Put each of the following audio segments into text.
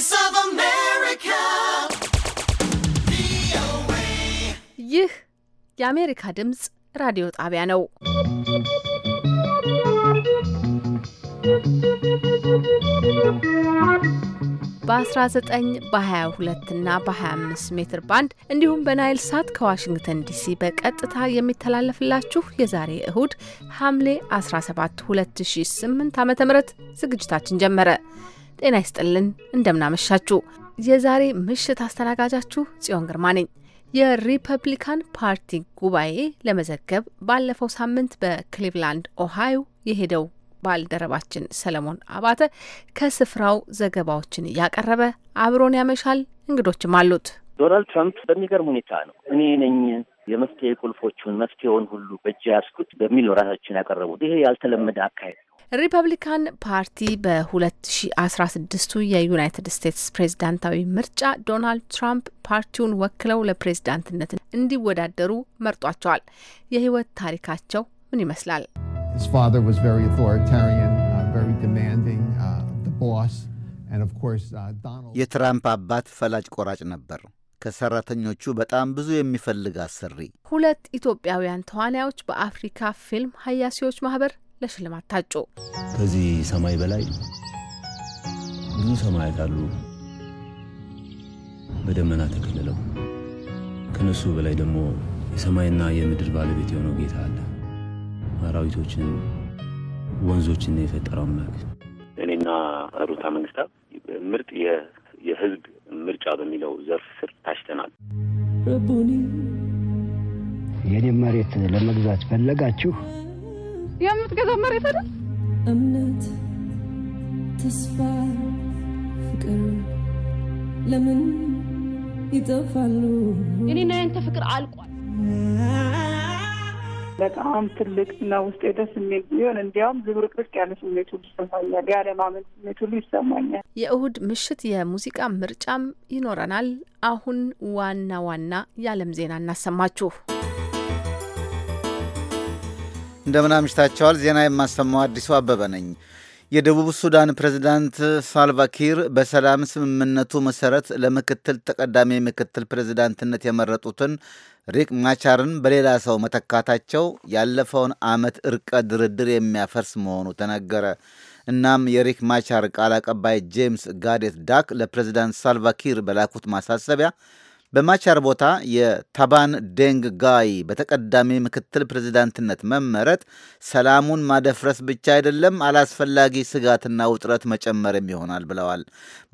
Voice of America. ይህ የአሜሪካ ድምፅ ራዲዮ ጣቢያ ነው። በ19 በ22 እና በ25 ሜትር ባንድ እንዲሁም በናይል ሳት ከዋሽንግተን ዲሲ በቀጥታ የሚተላለፍላችሁ የዛሬ እሁድ ሐምሌ 17 2008 ዓ ም ዝግጅታችን ጀመረ። ጤና ይስጥልን፣ እንደምናመሻችሁ። የዛሬ ምሽት አስተናጋጃችሁ ጽዮን ግርማ ነኝ። የሪፐብሊካን ፓርቲ ጉባኤ ለመዘገብ ባለፈው ሳምንት በክሊቭላንድ ኦሃዮ የሄደው ባልደረባችን ሰለሞን አባተ ከስፍራው ዘገባዎችን እያቀረበ አብሮን ያመሻል። እንግዶችም አሉት። ዶናልድ ትራምፕ በሚገርም ሁኔታ ነው እኔ ነኝ የመፍትሄ ቁልፎቹን መፍትሄውን ሁሉ በእጅ ያስኩት በሚል ነው ራሳችን ያቀረቡት። ይሄ ያልተለመደ አካሄድ ሪፐብሊካን ፓርቲ በ 2016 የዩናይትድ ስቴትስ ፕሬዝዳንታዊ ምርጫ ዶናልድ ትራምፕ ፓርቲውን ወክለው ለፕሬዝዳንትነት እንዲወዳደሩ መርጧቸዋል። የህይወት ታሪካቸው ምን ይመስላል? Uh, uh, uh, የትራምፕ አባት ፈላጭ ቆራጭ ነበር። ከሰራተኞቹ በጣም ብዙ የሚፈልግ አሰሪ። ሁለት ኢትዮጵያውያን ተዋናዮች በአፍሪካ ፊልም ሀያሲዎች ማህበር ለሽልማት ታጩ። ከዚህ ሰማይ በላይ ብዙ ሰማያት አሉ በደመና ተከልለው። ከነሱ በላይ ደግሞ የሰማይና የምድር ባለቤት የሆነው ጌታ አለ። አራዊቶችን፣ ወንዞችን የፈጠረው አምላክ እኔና ሩታ መንግስታት ምርጥ የህዝብ ምርጫ በሚለው ዘርፍ ስር ታጭተናል። ረቡኒ የኔ መሬት ለመግዛት ፈለጋችሁ የምትገዛው መሬት አይደል? እምነት፣ ተስፋ፣ ፍቅር ለምን ይጠፋሉ? እኔና ያንተ ፍቅር አልቋል። በጣም ትልቅ እና ውስጤ ደስ የሚል ቢሆን እንዲያውም ዝብርቅርቅ ያለ ስሜት ሁሉ ይሰማኛል። ስሜት ሁሉ ይሰማኛል። የእሁድ ምሽት የሙዚቃ ምርጫም ይኖረናል። አሁን ዋና ዋና የዓለም ዜና እናሰማችሁ። እንደምን አምሽታቸዋል። ዜና የማሰማው አዲሱ አበበ ነኝ። የደቡብ ሱዳን ፕሬዝዳንት ሳልቫኪር በሰላም ስምምነቱ መሰረት ለምክትል ተቀዳሚ ምክትል ፕሬዝዳንትነት የመረጡትን ሪክ ማቻርን በሌላ ሰው መተካታቸው ያለፈውን ዓመት እርቀ ድርድር የሚያፈርስ መሆኑ ተነገረ። እናም የሪክ ማቻር ቃል አቀባይ ጄምስ ጋዴት ዳክ ለፕሬዝዳንት ሳልቫኪር በላኩት ማሳሰቢያ በማቻር ቦታ የታባን ደንግ ጋይ በተቀዳሚ ምክትል ፕሬዚዳንትነት መመረጥ ሰላሙን ማደፍረስ ብቻ አይደለም፣ አላስፈላጊ ስጋትና ውጥረት መጨመርም ይሆናል ብለዋል።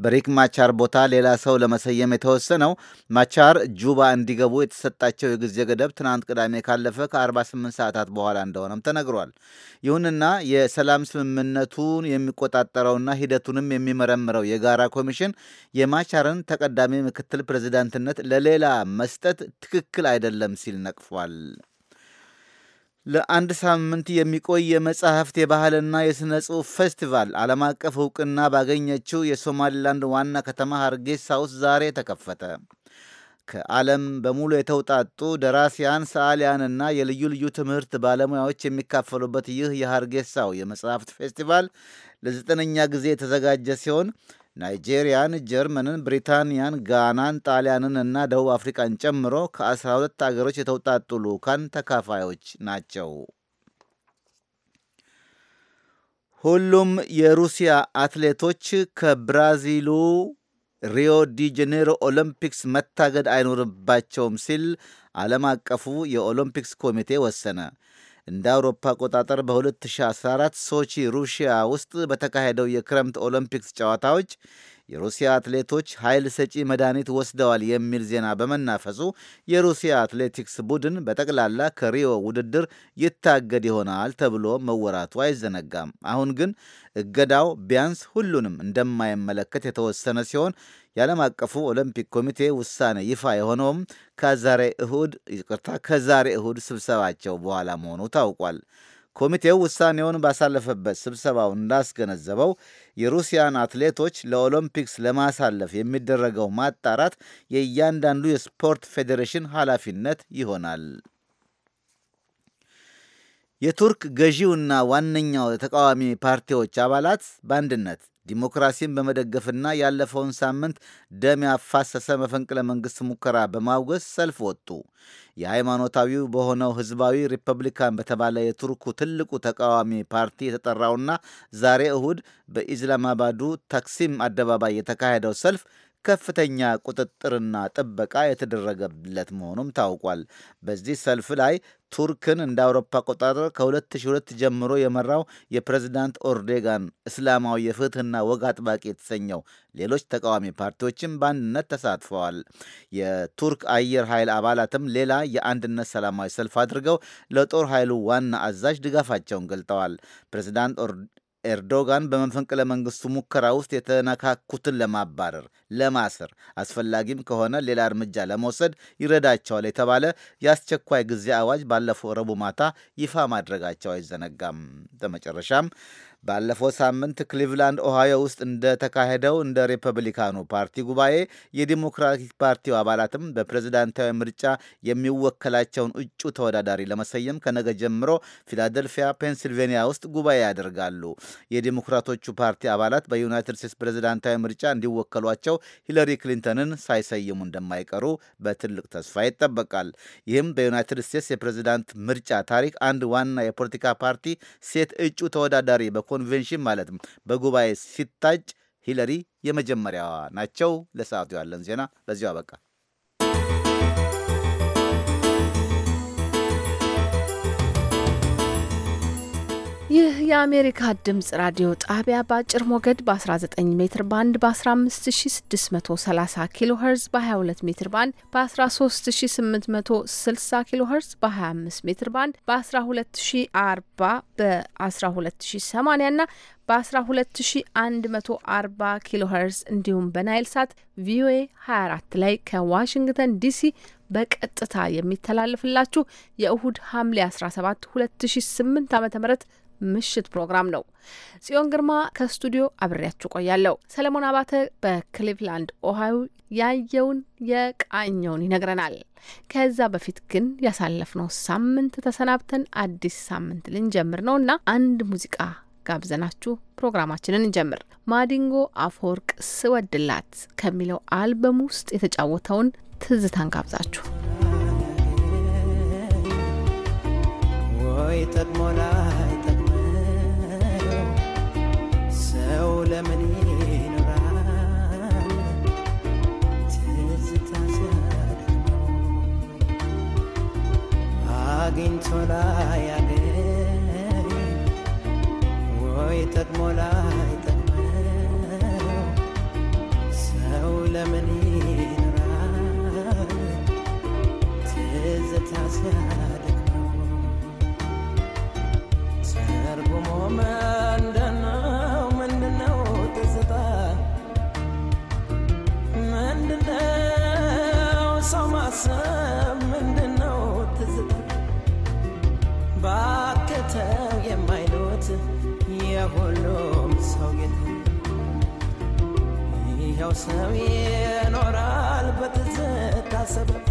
በሪክ ማቻር ቦታ ሌላ ሰው ለመሰየም የተወሰነው ማቻር ጁባ እንዲገቡ የተሰጣቸው የጊዜ ገደብ ትናንት ቅዳሜ ካለፈ ከ48 ሰዓታት በኋላ እንደሆነም ተነግሯል። ይሁንና የሰላም ስምምነቱን የሚቆጣጠረውና ሂደቱንም የሚመረምረው የጋራ ኮሚሽን የማቻርን ተቀዳሚ ምክትል ፕሬዚዳንትነት ለሌላ መስጠት ትክክል አይደለም ሲል ነቅፏል። ለአንድ ሳምንት የሚቆይ የመጽሕፍት የባህልና የሥነ ጽሑፍ ፌስቲቫል ዓለም አቀፍ እውቅና ባገኘችው የሶማሊላንድ ዋና ከተማ ሀርጌሳ ውስጥ ዛሬ ተከፈተ። ከዓለም በሙሉ የተውጣጡ ደራሲያን፣ ሰዓሊያንና የልዩ ልዩ ትምህርት ባለሙያዎች የሚካፈሉበት ይህ የሀርጌሳው የመጽሐፍት ፌስቲቫል ለዘጠነኛ ጊዜ የተዘጋጀ ሲሆን ናይጄሪያን፣ ጀርመንን፣ ብሪታንያን፣ ጋናን፣ ጣሊያንን እና ደቡብ አፍሪካን ጨምሮ ከ12 አገሮች የተውጣጡ ልዑካን ተካፋዮች ናቸው። ሁሉም የሩሲያ አትሌቶች ከብራዚሉ ሪዮ ዲ ጄኔሮ ኦሎምፒክስ መታገድ አይኖርባቸውም ሲል ዓለም አቀፉ የኦሎምፒክስ ኮሚቴ ወሰነ። እንደ አውሮፓ አቆጣጠር በ2014 ሶቺ ሩሽያ ውስጥ በተካሄደው የክረምት ኦሎምፒክስ ጨዋታዎች የሩሲያ አትሌቶች ኃይል ሰጪ መድኃኒት ወስደዋል የሚል ዜና በመናፈሱ የሩሲያ አትሌቲክስ ቡድን በጠቅላላ ከሪዮ ውድድር ይታገድ ይሆናል ተብሎ መወራቱ አይዘነጋም። አሁን ግን እገዳው ቢያንስ ሁሉንም እንደማይመለከት የተወሰነ ሲሆን የዓለም አቀፉ ኦሎምፒክ ኮሚቴ ውሳኔ ይፋ የሆነውም ከዛሬ እሁድ ይቅርታ ከዛሬ እሁድ ስብሰባቸው በኋላ መሆኑ ታውቋል። ኮሚቴው ውሳኔውን ባሳለፈበት ስብሰባው እንዳስገነዘበው የሩሲያን አትሌቶች ለኦሎምፒክስ ለማሳለፍ የሚደረገው ማጣራት የእያንዳንዱ የስፖርት ፌዴሬሽን ኃላፊነት ይሆናል። የቱርክ ገዢውና ዋነኛው የተቃዋሚ ፓርቲዎች አባላት በአንድነት ዲሞክራሲን በመደገፍና ያለፈውን ሳምንት ደም ያፋሰሰ መፈንቅለ መንግሥት ሙከራ በማውገዝ ሰልፍ ወጡ። የሃይማኖታዊው በሆነው ህዝባዊ ሪፐብሊካን በተባለ የቱርኩ ትልቁ ተቃዋሚ ፓርቲ የተጠራውና ዛሬ እሁድ በኢዝላማባዱ ታክሲም አደባባይ የተካሄደው ሰልፍ ከፍተኛ ቁጥጥርና ጥበቃ የተደረገለት መሆኑም ታውቋል። በዚህ ሰልፍ ላይ ቱርክን እንደ አውሮፓ አቆጣጠር ከ2002 ጀምሮ የመራው የፕሬዚዳንት ኦርዴጋን እስላማዊ የፍትህና ወግ አጥባቂ የተሰኘው ሌሎች ተቃዋሚ ፓርቲዎችም በአንድነት ተሳትፈዋል። የቱርክ አየር ኃይል አባላትም ሌላ የአንድነት ሰላማዊ ሰልፍ አድርገው ለጦር ኃይሉ ዋና አዛዥ ድጋፋቸውን ገልጠዋል። ፕሬዚዳንት ኤርዶጋን በመፈንቅለ መንግስቱ ሙከራ ውስጥ የተነካኩትን ለማባረር፣ ለማሰር፣ አስፈላጊም ከሆነ ሌላ እርምጃ ለመውሰድ ይረዳቸዋል የተባለ የአስቸኳይ ጊዜ አዋጅ ባለፈው ረቡዕ ማታ ይፋ ማድረጋቸው አይዘነጋም። በመጨረሻም ባለፈው ሳምንት ክሊቭላንድ ኦሃዮ ውስጥ እንደተካሄደው እንደ ሪፐብሊካኑ ፓርቲ ጉባኤ የዲሞክራቲክ ፓርቲው አባላትም በፕሬዝዳንታዊ ምርጫ የሚወከላቸውን እጩ ተወዳዳሪ ለመሰየም ከነገ ጀምሮ ፊላደልፊያ፣ ፔንሲልቬኒያ ውስጥ ጉባኤ ያደርጋሉ። የዲሞክራቶቹ ፓርቲ አባላት በዩናይትድ ስቴትስ ፕሬዝዳንታዊ ምርጫ እንዲወከሏቸው ሂለሪ ክሊንተንን ሳይሰይሙ እንደማይቀሩ በትልቅ ተስፋ ይጠበቃል። ይህም በዩናይትድ ስቴትስ የፕሬዝዳንት ምርጫ ታሪክ አንድ ዋና የፖለቲካ ፓርቲ ሴት እጩ ተወዳዳሪ በኮንቬንሽን ማለት በጉባኤ ሲታጭ ሂለሪ የመጀመሪያዋ ናቸው። ለሰዓቱ ያለን ዜና በዚሁ አበቃ። ይህ የአሜሪካ ድምጽ ራዲዮ ጣቢያ በአጭር ሞገድ በ19 ሜትር ባንድ በ15630 ኪሎ ኸርዝ በ22 ሜትር ባንድ በ13860 ኪሎ ኸርዝ በ25 ሜትር ባንድ በ12040 በ12080 እና በ12140 ኪሎ ሄርዝ እንዲሁም በናይል ሳት ቪኦኤ 24 ላይ ከዋሽንግተን ዲሲ በቀጥታ የሚተላለፍላችሁ የእሁድ ሐምሌ 17 2008 ዓ ም ምሽት ፕሮግራም ነው። ጽዮን ግርማ ከስቱዲዮ አብሬያችሁ ቆያለሁ። ሰለሞን አባተ በክሊቭላንድ ኦሃዮ ያየውን የቃኘውን ይነግረናል። ከዛ በፊት ግን ያሳለፍነው ሳምንት ተሰናብተን አዲስ ሳምንት ልንጀምር ነው እና አንድ ሙዚቃ ጋብዘናችሁ ፕሮግራማችንን እንጀምር። ማዲንጎ አፈወርቅ ስወድላት ከሚለው አልበም ውስጥ የተጫወተውን ትዝታን ጋብዛችሁ ወይ ጠቅሞላ ሰው ለምን ይኖራል ትዝታ ይጠቅሞላ ይጠቅመው ሰው ለምን ይኖራል? ትዝታ ሲያደክመው ተርጉሞ ምንድነው? ምንድነው ትዝታ ምንድነው? ሰው ማሰብ ምንድነው ትዝታ የሁሉም ሰው ጌታ ይኸው ሰው ይኖራል በትዝታ ሰበብ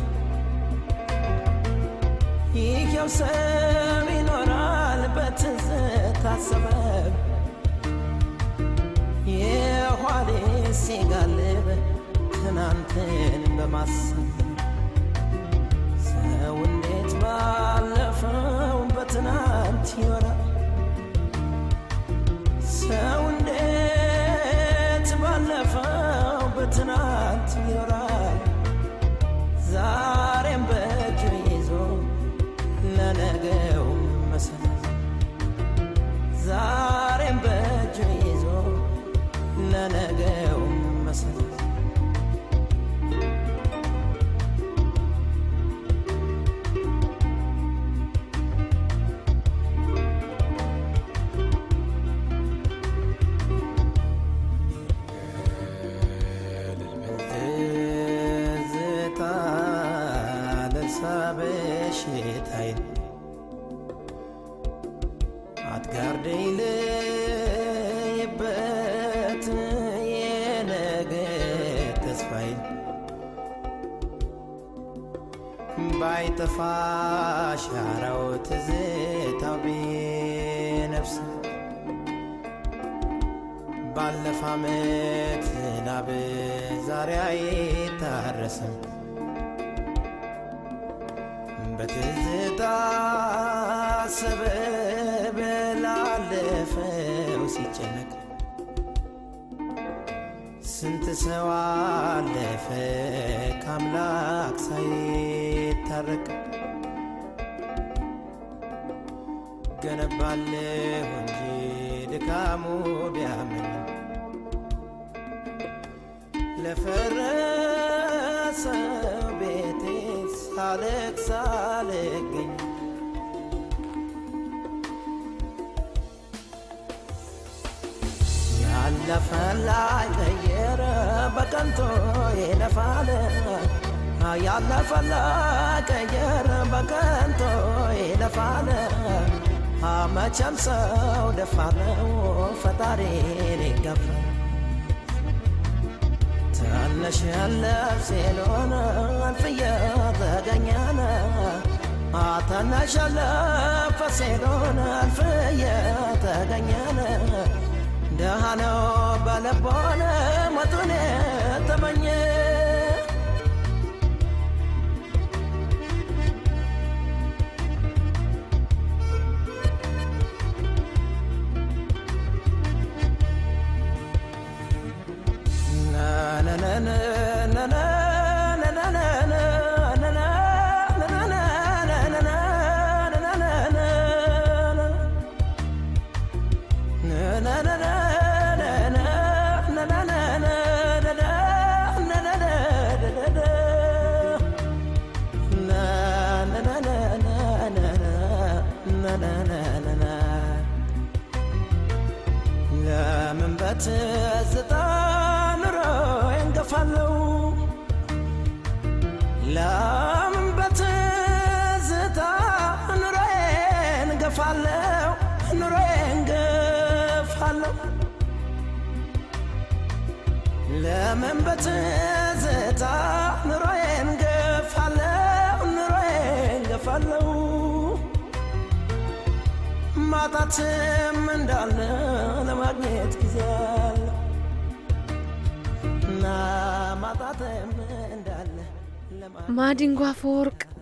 ይኸው ሰው ይኖራል በትዝታ ሰበብ የኋሌ ሲጋልብ ትናንትን በማሰብ ሰው እንዴት ባለፈው በትናንት ይኖራል። ሰው እንዴት ባለፈው በትናንት ይኖራል? ዛሬም በእጁ ይዞ ለነገው መሰረት the fire. አነባለሁ እንጂ ድካሙ ቢያምን ለፈረሰው ቤቴ ሳለቅስ አልገኝ ያለፈን ላይ ቀየረ በቀንቶ ይለፋል ያለፈን ላይ ቀየረ በቀንቶ ይለፋል መቼም ሰው ደፋ ነው ፈጣሪን ይገፋል። ትንሽ ያለብሴ ልሆነ አልፍዬ ዘገኘነ ትንሽ ያለፈሴ ልሆነ አልፍዬ ተገኘነ ደሃ ነው በልቦነ ሞቱኔ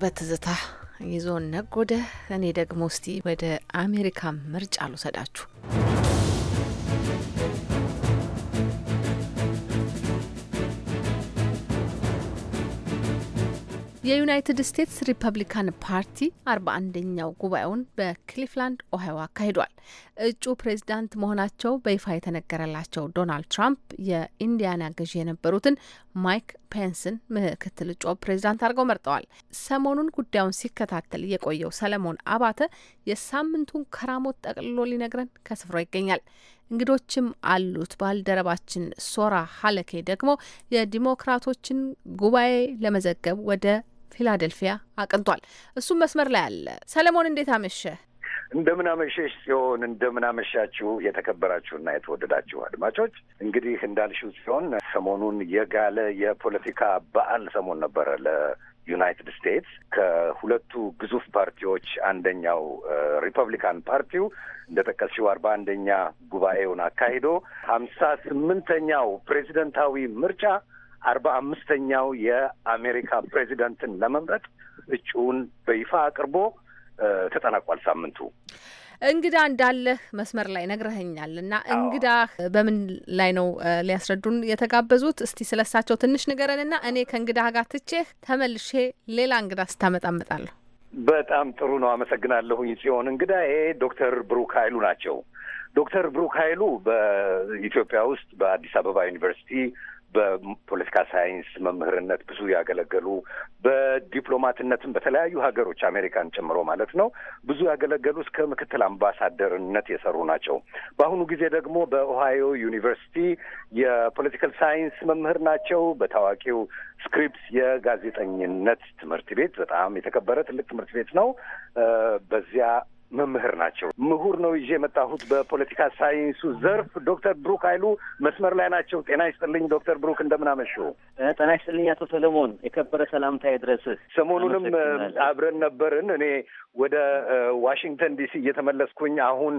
በትዝታ ይዞን ነጎደ። እኔ ደግሞ እስቲ ወደ አሜሪካ ምርጫ ልውሰዳችሁ። የዩናይትድ ስቴትስ ሪፐብሊካን ፓርቲ አርባ አንደኛው ጉባኤውን በክሊፍላንድ ኦሃዮ አካሂዷል። እጩ ፕሬዝዳንት መሆናቸው በይፋ የተነገረላቸው ዶናልድ ትራምፕ የኢንዲያና ገዢ የነበሩትን ማይክ ፔንስን ምክትል እጩ ፕሬዝዳንት አድርገው መርጠዋል። ሰሞኑን ጉዳዩን ሲከታተል የቆየው ሰለሞን አባተ የሳምንቱን ከራሞት ጠቅልሎ ሊነግረን ከስፍራው ይገኛል። እንግዶችም አሉት። ባልደረባችን ሶራ ሀለኬ ደግሞ የዲሞክራቶችን ጉባኤ ለመዘገብ ወደ ፊላደልፊያ አቅንቷል። እሱም መስመር ላይ አለ። ሰለሞን እንዴት አመሸ? እንደምናመሸሽ ጽዮን፣ እንደምናመሻችሁ የተከበራችሁና የተወደዳችሁ አድማጮች። እንግዲህ እንዳልሽው ሲሆን ሰሞኑን የጋለ የፖለቲካ በዓል ሰሞን ነበረ ለዩናይትድ ስቴትስ። ከሁለቱ ግዙፍ ፓርቲዎች አንደኛው ሪፐብሊካን ፓርቲው እንደጠቀስሽው አርባ አንደኛ ጉባኤውን አካሂዶ ሀምሳ ስምንተኛው ፕሬዚደንታዊ ምርጫ አርባ አምስተኛው የአሜሪካ ፕሬዚደንትን ለመምረጥ እጩውን በይፋ አቅርቦ ተጠናቋል። ሳምንቱ እንግዳ እንዳለህ መስመር ላይ ነግረህኛል እና እንግዳ በምን ላይ ነው ሊያስረዱን የተጋበዙት? እስቲ ስለሳቸው ትንሽ ንገረንና እኔ ከእንግዳ ጋር ትቼህ ተመልሼ ሌላ እንግዳ ስታመጣመጣለሁ። በጣም ጥሩ ነው። አመሰግናለሁኝ ጽዮን። እንግዳዬ ዶክተር ብሩክ ኃይሉ ናቸው። ዶክተር ብሩክ ኃይሉ በኢትዮጵያ ውስጥ በአዲስ አበባ ዩኒቨርሲቲ በፖለቲካ ሳይንስ መምህርነት ብዙ ያገለገሉ፣ በዲፕሎማትነትም በተለያዩ ሀገሮች አሜሪካን ጨምሮ ማለት ነው ብዙ ያገለገሉ እስከ ምክትል አምባሳደርነት የሰሩ ናቸው። በአሁኑ ጊዜ ደግሞ በኦሃዮ ዩኒቨርሲቲ የፖለቲካል ሳይንስ መምህር ናቸው። በታዋቂው ስክሪፕስ የጋዜጠኝነት ትምህርት ቤት በጣም የተከበረ ትልቅ ትምህርት ቤት ነው። በዚያ መምህር ናቸው። ምሁር ነው ይዤ የመጣሁት በፖለቲካ ሳይንሱ ዘርፍ ዶክተር ብሩክ ኃይሉ መስመር ላይ ናቸው። ጤና ይስጥልኝ ዶክተር ብሩክ እንደምን አመሹ? ጤና ይስጥልኝ አቶ ሰለሞን፣ የከበረ ሰላምታ ይድረስህ። ሰሞኑንም አብረን ነበርን። እኔ ወደ ዋሽንግተን ዲሲ እየተመለስኩኝ አሁን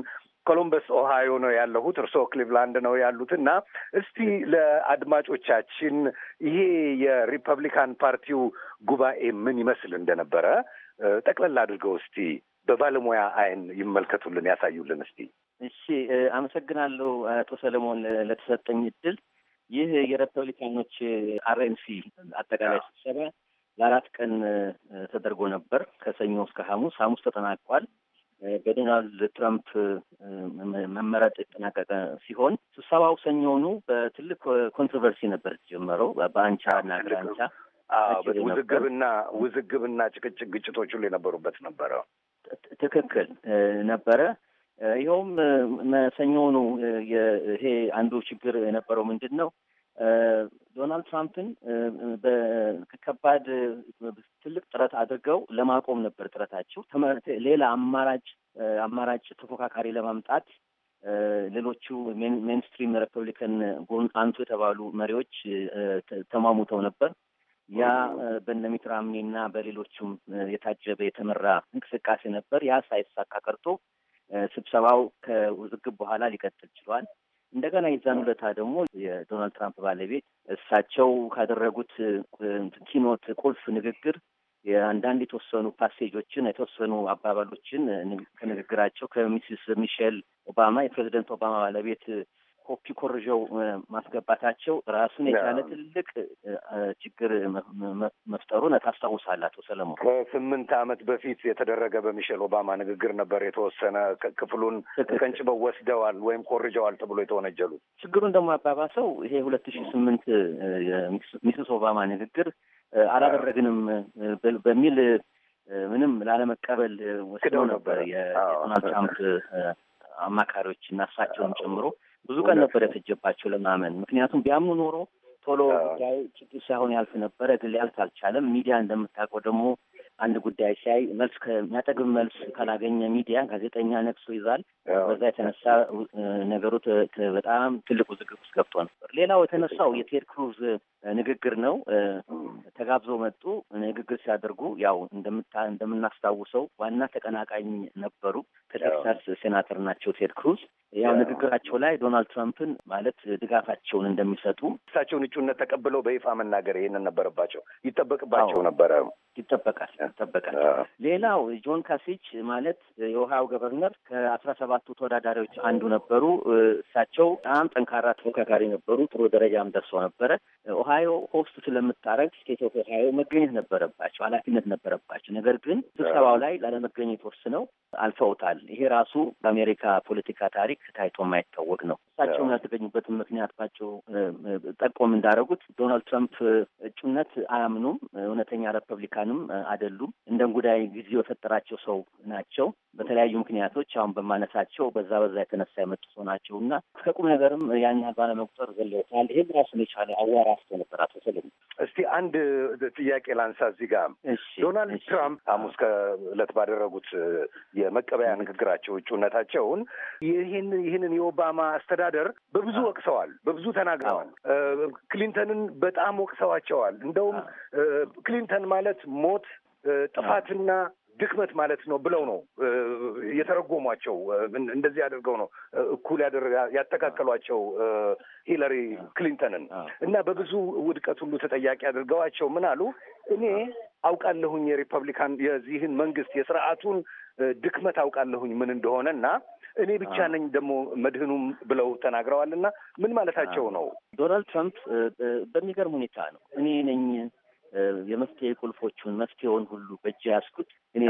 ኮሎምበስ ኦሃዮ ነው ያለሁት። እርስዎ ክሊቭላንድ ነው ያሉት እና እስቲ ለአድማጮቻችን ይሄ የሪፐብሊካን ፓርቲው ጉባኤ ምን ይመስል እንደነበረ ጠቅለል አድርገው እስቲ በባለሙያ አይን ይመልከቱልን፣ ያሳዩልን እስቲ። እሺ፣ አመሰግናለሁ አቶ ሰለሞን ለተሰጠኝ እድል። ይህ የሪፐብሊካኖች አርኤንሲ አጠቃላይ ስብሰባ ለአራት ቀን ተደርጎ ነበር፣ ከሰኞ እስከ ሐሙስ። ሐሙስ ተጠናቋል። በዶናልድ ትራምፕ መመረጥ የተጠናቀቀ ሲሆን ስብሰባው ሰኞኑ በትልቅ ኮንትሮቨርሲ ነበር የተጀመረው በአንቻ እና ግራንቻ ውዝግብና ውዝግብና ጭቅጭቅ ግጭቶች ሁሉ የነበሩበት ነበረ። ትክክል ነበረ። ይኸውም መሰኞኑ ይሄ አንዱ ችግር የነበረው ምንድን ነው? ዶናልድ ትራምፕን በከባድ ትልቅ ጥረት አድርገው ለማቆም ነበር ጥረታቸው። ሌላ አማራጭ አማራጭ ተፎካካሪ ለማምጣት ሌሎቹ ሜንስትሪም ሪፐብሊካን ጎን አንቱ የተባሉ መሪዎች ተሟሙተው ነበር። ያ በነ ሚት እና በሌሎቹም የታጀበ የተመራ እንቅስቃሴ ነበር። ያ ሳይሳካ ቀርቶ ስብሰባው ከውዝግብ በኋላ ሊቀጥል ችሏል። እንደገና የዛን ሁለታ ደግሞ የዶናልድ ትራምፕ ባለቤት እሳቸው ካደረጉት ኪኖት ቁልፍ ንግግር የአንዳንድ የተወሰኑ ፓሴጆችን የተወሰኑ አባባሎችን ከንግግራቸው ከሚስስ ሚሼል ኦባማ የፕሬዚደንት ኦባማ ባለቤት ኮፒ ኮርዣው ማስገባታቸው ራሱን የቻለ ትልቅ ችግር መፍጠሩን ታስታውሳለህ አቶ ሰለሞን? ከስምንት አመት በፊት የተደረገ በሚሼል ኦባማ ንግግር ነበር የተወሰነ ክፍሉን ቀንጭበው ወስደዋል ወይም ኮርጀዋል ተብሎ የተወነጀሉ። ችግሩን ደግሞ አባባሰው ይሄ ሁለት ሺ ስምንት ሚስስ ኦባማ ንግግር አላደረግንም በሚል ምንም ላለመቀበል ወስደው ነበር የዶናልድ ትራምፕ አማካሪዎች እና እሳቸውን ጨምሮ ብዙ ቀን ነበር የፈጀባቸው ለማመን። ምክንያቱም ቢያምኑ ኖሮ ቶሎ ጉዳዩ ችግር ሳይሆን ያልፍ ነበረ፣ ግን ሊያልፍ አልቻለም። ሚዲያ እንደምታውቀው ደግሞ አንድ ጉዳይ ሲያይ መልስ ከሚያጠግብ መልስ ካላገኘ ሚዲያ ጋዜጠኛ ነቅሶ ይዛል። በዛ የተነሳ ነገሩ በጣም ትልቅ ውዝግብ ውስጥ ገብቶ ነበር። ሌላው የተነሳው የቴድ ክሩዝ ንግግር ነው። ተጋብዘው መጡ። ንግግር ሲያደርጉ ያው እንደምናስታውሰው ዋና ተቀናቃኝ ነበሩ። ከቴክሳስ ሴናተር ናቸው ቴድ ክሩዝ። ያው ንግግራቸው ላይ ዶናልድ ትራምፕን ማለት ድጋፋቸውን እንደሚሰጡ እሳቸውን እጩነት ተቀብለው በይፋ መናገር ይሄንን ነበረባቸው፣ ይጠበቅባቸው ነበረ። ይጠበቃል ይጠበቃል። ሌላው ጆን ካሲች ማለት የኦሃዮ ገቨርነር ከአስራ ሰባት ከሰባቱ ተወዳዳሪዎች አንዱ ነበሩ። እሳቸው በጣም ጠንካራ ተፎካካሪ ነበሩ። ጥሩ ደረጃም ደርሰው ነበረ። ኦሃዮ ሆስት ስለምታረግ ስቴት ኦፍ ኦሃዮ መገኘት ነበረባቸው፣ ኃላፊነት ነበረባቸው። ነገር ግን ስብሰባው ላይ ላለመገኘት ወስነው አልፈውታል። ይሄ ራሱ በአሜሪካ ፖለቲካ ታሪክ ታይቶ የማይታወቅ ነው። እሳቸውም ያልተገኙበትን ምክንያት ባቸው ጠቆም እንዳደረጉት ዶናልድ ትራምፕ እጩነት አያምኑም፣ እውነተኛ ሪፐብሊካንም አይደሉም። እንደ ጉዳይ ጊዜ የፈጠራቸው ሰው ናቸው። በተለያዩ ምክንያቶች አሁን በማነሳ ናቸው። በዛ በዛ የተነሳ የመጡ ሰው ናቸው እና ከቁም ነገርም ያን ባለመቁጠር ዘለውታል። ይህም ራሱን የቻለ አዋራ ስቶ ነበር። አቶ ሰለሞን፣ እስቲ አንድ ጥያቄ ላንሳ እዚህ ጋር ዶናልድ ትራምፕ ሐሙስ ከእለት ባደረጉት የመቀበያ ንግግራቸው እጩነታቸውን ይህን ይህንን የኦባማ አስተዳደር በብዙ ወቅሰዋል፣ በብዙ ተናግረዋል። ክሊንተንን በጣም ወቅሰዋቸዋል። እንደውም ክሊንተን ማለት ሞት ጥፋትና ድክመት ማለት ነው ብለው ነው የተረጎሟቸው። እንደዚህ አድርገው ነው እኩል ያጠቃቀሏቸው ሂለሪ ክሊንተንን እና በብዙ ውድቀት ሁሉ ተጠያቂ አድርገዋቸው ምን አሉ እኔ አውቃለሁኝ የሪፐብሊካን የዚህን መንግስት የስርዓቱን ድክመት አውቃለሁኝ ምን እንደሆነ እና እኔ ብቻ ነኝ ደግሞ መድህኑም ብለው ተናግረዋል። እና ምን ማለታቸው ነው? ዶናልድ ትራምፕ በሚገርም ሁኔታ ነው እኔ ነኝ የመፍትሄ ቁልፎቹን መፍትሄውን ሁሉ በእጅ ያስኩት እኔ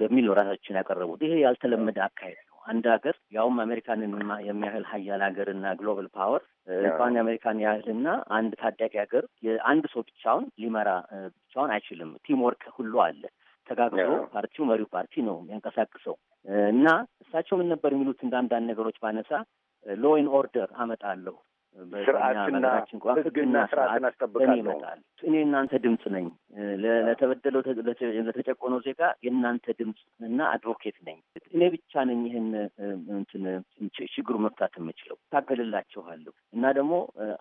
በሚል ራሳችን ያቀረቡት። ይሄ ያልተለመደ አካሄድ ነው። አንድ ሀገር ያውም አሜሪካንን የሚያህል ሀያል ሀገር እና ግሎባል ፓወር እንኳን የአሜሪካን ያህልና አንድ ታዳጊ ሀገር አንድ ሰው ብቻውን ሊመራ ብቻውን አይችልም። ቲምወርክ ሁሉ አለ። ተጋግዞ ፓርቲው መሪው ፓርቲ ነው የሚያንቀሳቅሰው እና እሳቸው ምን ነበር የሚሉት አንዳንድ ነገሮች ባነሳ ሎይን ኦርደር አመጣለሁ ስርአትና ህግና ስርአትን አስጠብቃለሁ። እኔ እናንተ ድምፅ ነኝ፣ ለተበደለው ለተጨቆነው ዜጋ የእናንተ ድምፅ እና አድቮኬት ነኝ። እኔ ብቻ ነኝ ይህን እንትን ችግሩ መፍታት የምችለው ታገልላችኋለሁ። እና ደግሞ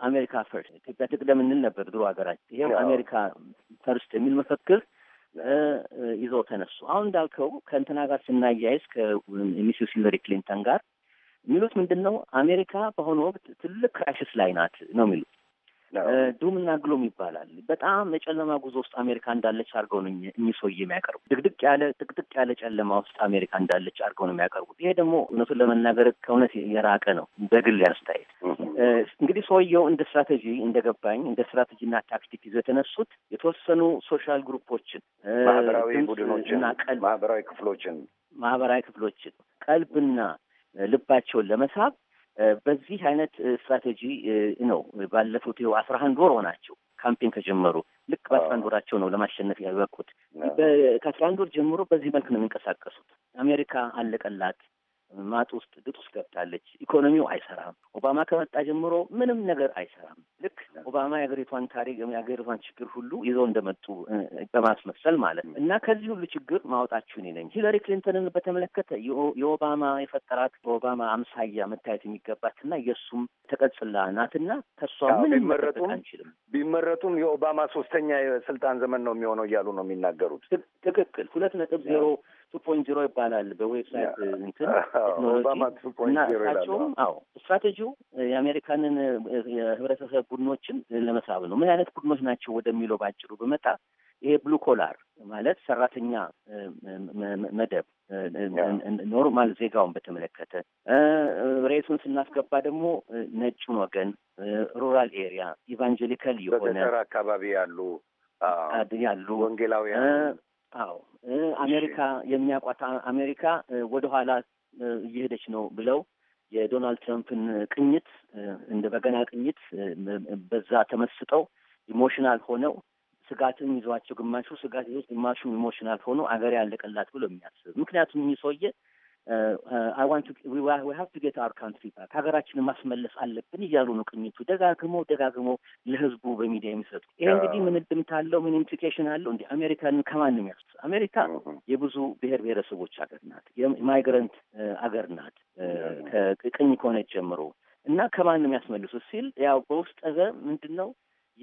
አሜሪካ ፈርስት ኢትዮጵያ ትቅደም እንል ነበር ድሮ ሀገራችን። ይሄም አሜሪካ ፈርስት የሚል መፈክር ይዘው ተነሱ። አሁን እንዳልከው ከእንትና ጋር ስናያይዝ ከሚስስ ሂለሪ ክሊንተን ጋር የሚሉት ምንድን ነው? አሜሪካ በአሁኑ ወቅት ትልቅ ክራይሲስ ላይ ናት ነው የሚሉት። ዱም እና ግሎም ይባላል። በጣም የጨለማ ጉዞ ውስጥ አሜሪካ እንዳለች አድርገው ነው እኚህ ሰውዬ የሚያቀርቡት። ድቅድቅ ያለ ጥቅጥቅ ያለ ጨለማ ውስጥ አሜሪካ እንዳለች አድርገው ነው የሚያቀርቡት። ይሄ ደግሞ እውነቱን ለመናገር ከእውነት የራቀ ነው። በግል ያስተያየት እንግዲህ ሰውየው እንደ ስትራቴጂ እንደገባኝ እንደ ስትራቴጂና ታክቲክ ይዘው የተነሱት የተወሰኑ ሶሻል ግሩፖችን፣ ማህበራዊ ቡድኖችን፣ ማህበራዊ ክፍሎችን ማህበራዊ ክፍሎችን ቀልብና ልባቸውን ለመሳብ በዚህ አይነት ስትራቴጂ ነው ባለፉት ይኸው አስራ አንድ ወር ሆናቸው ካምፔን ከጀመሩ ልክ በአስራ አንድ ወራቸው ነው ለማሸነፍ ያበቁት። ከአስራ አንድ ወር ጀምሮ በዚህ መልክ ነው የሚንቀሳቀሱት። አሜሪካ አለቀላት፣ ማጥ ውስጥ ድጥ ውስጥ ገብታለች። ኢኮኖሚው አይሰራም። ኦባማ ከመጣ ጀምሮ ምንም ነገር አይሰራም። ልክ ኦባማ የሀገሪቷን ታሪክ የሀገሪቷን ችግር ሁሉ ይዘው እንደመጡ በማስመሰል ማለት ነው እና ከዚህ ሁሉ ችግር ማውጣችሁ እኔ ነኝ። ሂለሪ ክሊንተንን በተመለከተ የኦባማ የፈጠራት በኦባማ አምሳያ መታየት የሚገባትና የእሱም ተቀጽላ ናትና ከእሷ ምንም መረጡም አንችልም። ቢመረጡም የኦባማ ሶስተኛ የስልጣን ዘመን ነው የሚሆነው እያሉ ነው የሚናገሩት። ትክክል ሁለት ነጥብ ዜሮ ቱ ፖይንት ይባላል በዌብሳይት እንትን ቴክኖሎጂእናቸውም አዎ ስትራቴጂው የአሜሪካንን የህብረተሰብ ቡድኖችን ለመሳብ ነው። ምን አይነት ቡድኖች ናቸው ወደሚለው ባጭሩ በመጣ ይሄ ብሉ ኮላር ማለት ሰራተኛ መደብ ኖርማል ዜጋውን በተመለከተ ሬሱን ስናስገባ ደግሞ ነጩን ወገን ሩራል ኤሪያ ኢቫንጀሊካል የሆነ አካባቢ ያሉ ያሉ ወንጌላውያን አዎ አሜሪካ የሚያውቋት አሜሪካ ወደኋላ እየሄደች ነው ብለው የዶናልድ ትራምፕን ቅኝት እንደ በገና ቅኝት በዛ ተመስጠው ኢሞሽናል ሆነው ስጋትን ይዟቸው ግማሹ ስጋት ይዞት ግማሹ ኢሞሽናል ሆኖ አገር ያለቀላት ብሎ የሚያስብ ምክንያቱም ይህ ሰውዬ አይ ዋንት ዊ ቱ ጌት አር ካንትሪ ባክ ሀገራችንን ማስመለስ አለብን እያሉ ነው ቅኝቱ ደጋግሞ ደጋግሞ ለህዝቡ በሚዲያ የሚሰጡ። ይሄ እንግዲህ ምን እንድምታ አለው? ምን ኢምፕሊኬሽን አለው? እንዲህ አሜሪካን ከማንም ያስ አሜሪካ የብዙ ብሔር ብሔረሰቦች ሀገር ናት። የማይግረንት አገር uh, ናት። uh, ቅኝ ከሆነች ጀምሮ እና ከማንም ያስመልሱ ሲል ያው በውስጥ ገ ምንድን ነው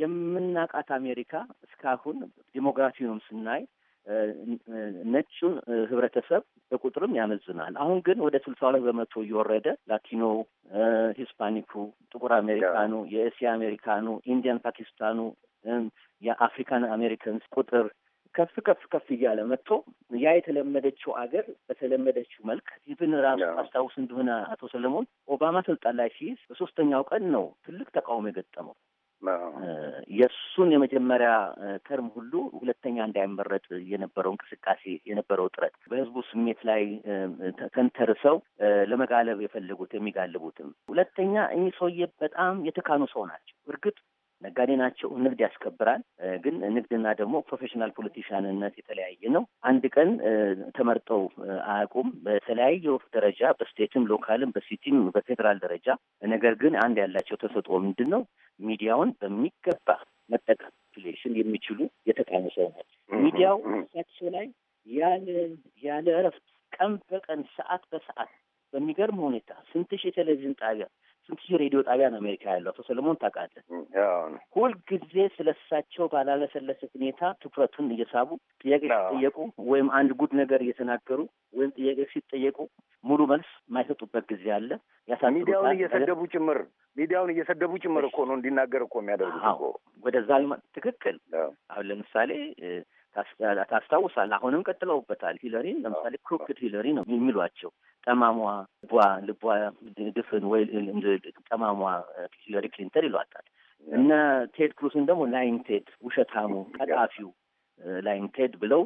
የምናቃት አሜሪካ እስካሁን ዲሞግራፊውም ስናይ ነጩን ህብረተሰብ በቁጥርም ያመዝናል። አሁን ግን ወደ ስልሳ ሁለት በመቶ እየወረደ ላቲኖ፣ ሂስፓኒኩ፣ ጥቁር አሜሪካኑ፣ የእስያ አሜሪካኑ፣ ኢንዲያን ፓኪስታኑ፣ የአፍሪካን አሜሪካንስ ቁጥር ከፍ ከፍ ከፍ እያለ መጥቶ ያ የተለመደችው አገር በተለመደችው መልክ ኢቭን ራሱ አስታውስ እንደሆነ አቶ ሰለሞን ኦባማ ስልጣን ላይ ሲይዝ በሶስተኛው ቀን ነው ትልቅ ተቃውሞ የገጠመው። የእሱን የመጀመሪያ ተርም ሁሉ ሁለተኛ እንዳይመረጥ የነበረው እንቅስቃሴ የነበረው ጥረት በህዝቡ ስሜት ላይ ተንተርሰው ለመጋለብ የፈለጉት የሚጋልቡትም፣ ሁለተኛ እኚህ ሰውዬ በጣም የተካኑ ሰው ናቸው። እርግጥ ነጋዴ ናቸው። ንግድ ያስከብራል። ግን ንግድና ደግሞ ፕሮፌሽናል ፖለቲሽያንነት የተለያየ ነው። አንድ ቀን ተመርጠው አያውቁም። በተለያየ ደረጃ በስቴትም፣ ሎካልም፣ በሲቲም፣ በፌዴራል ደረጃ ነገር ግን አንድ ያላቸው ተሰጥኦ ምንድን ነው? ሚዲያውን በሚገባ መጠቀም የሚችሉ የተቃኑ ሰው ናቸው። ሚዲያው እሳቸው ላይ ያለ ያለ እረፍት ቀን በቀን ሰዓት በሰዓት በሚገርም ሁኔታ ስንት ሺህ የቴሌቪዥን ጣቢያ ስንት ሺህ ሬዲዮ ጣቢያ ነው አሜሪካ ያለው? አቶ ሰለሞን ታውቃለህ። ሁልጊዜ ስለ እሳቸው ባላለሰለሰ ሁኔታ ትኩረቱን እየሳቡ ጥያቄ ሲጠየቁ ወይም አንድ ጉድ ነገር እየተናገሩ ወይም ጥያቄ ሲጠየቁ ሙሉ መልስ የማይሰጡበት ጊዜ አለ። ያሳሚዲያውን ሚዲያውን እየሰደቡ ጭምር ሚዲያውን እየሰደቡ ጭምር እኮ ነው እንዲናገር እኮ የሚያደርጉት። ወደዛ ትክክል። አሁን ለምሳሌ ታስታውሳል። አሁንም ቀጥለውበታል። ሂለሪ ለምሳሌ ክሮክድ ሂለሪ ነው የሚሏቸው ጠማሟ ልቧ ልቧ ድፍን ወይ ጠማሟ ሂለሪ ክሊንተን ይሏታል። እነ ቴድ ክሩስን ደግሞ ላይን ቴድ ውሸታሙ፣ ቀጣፊው ላይን ቴድ ብለው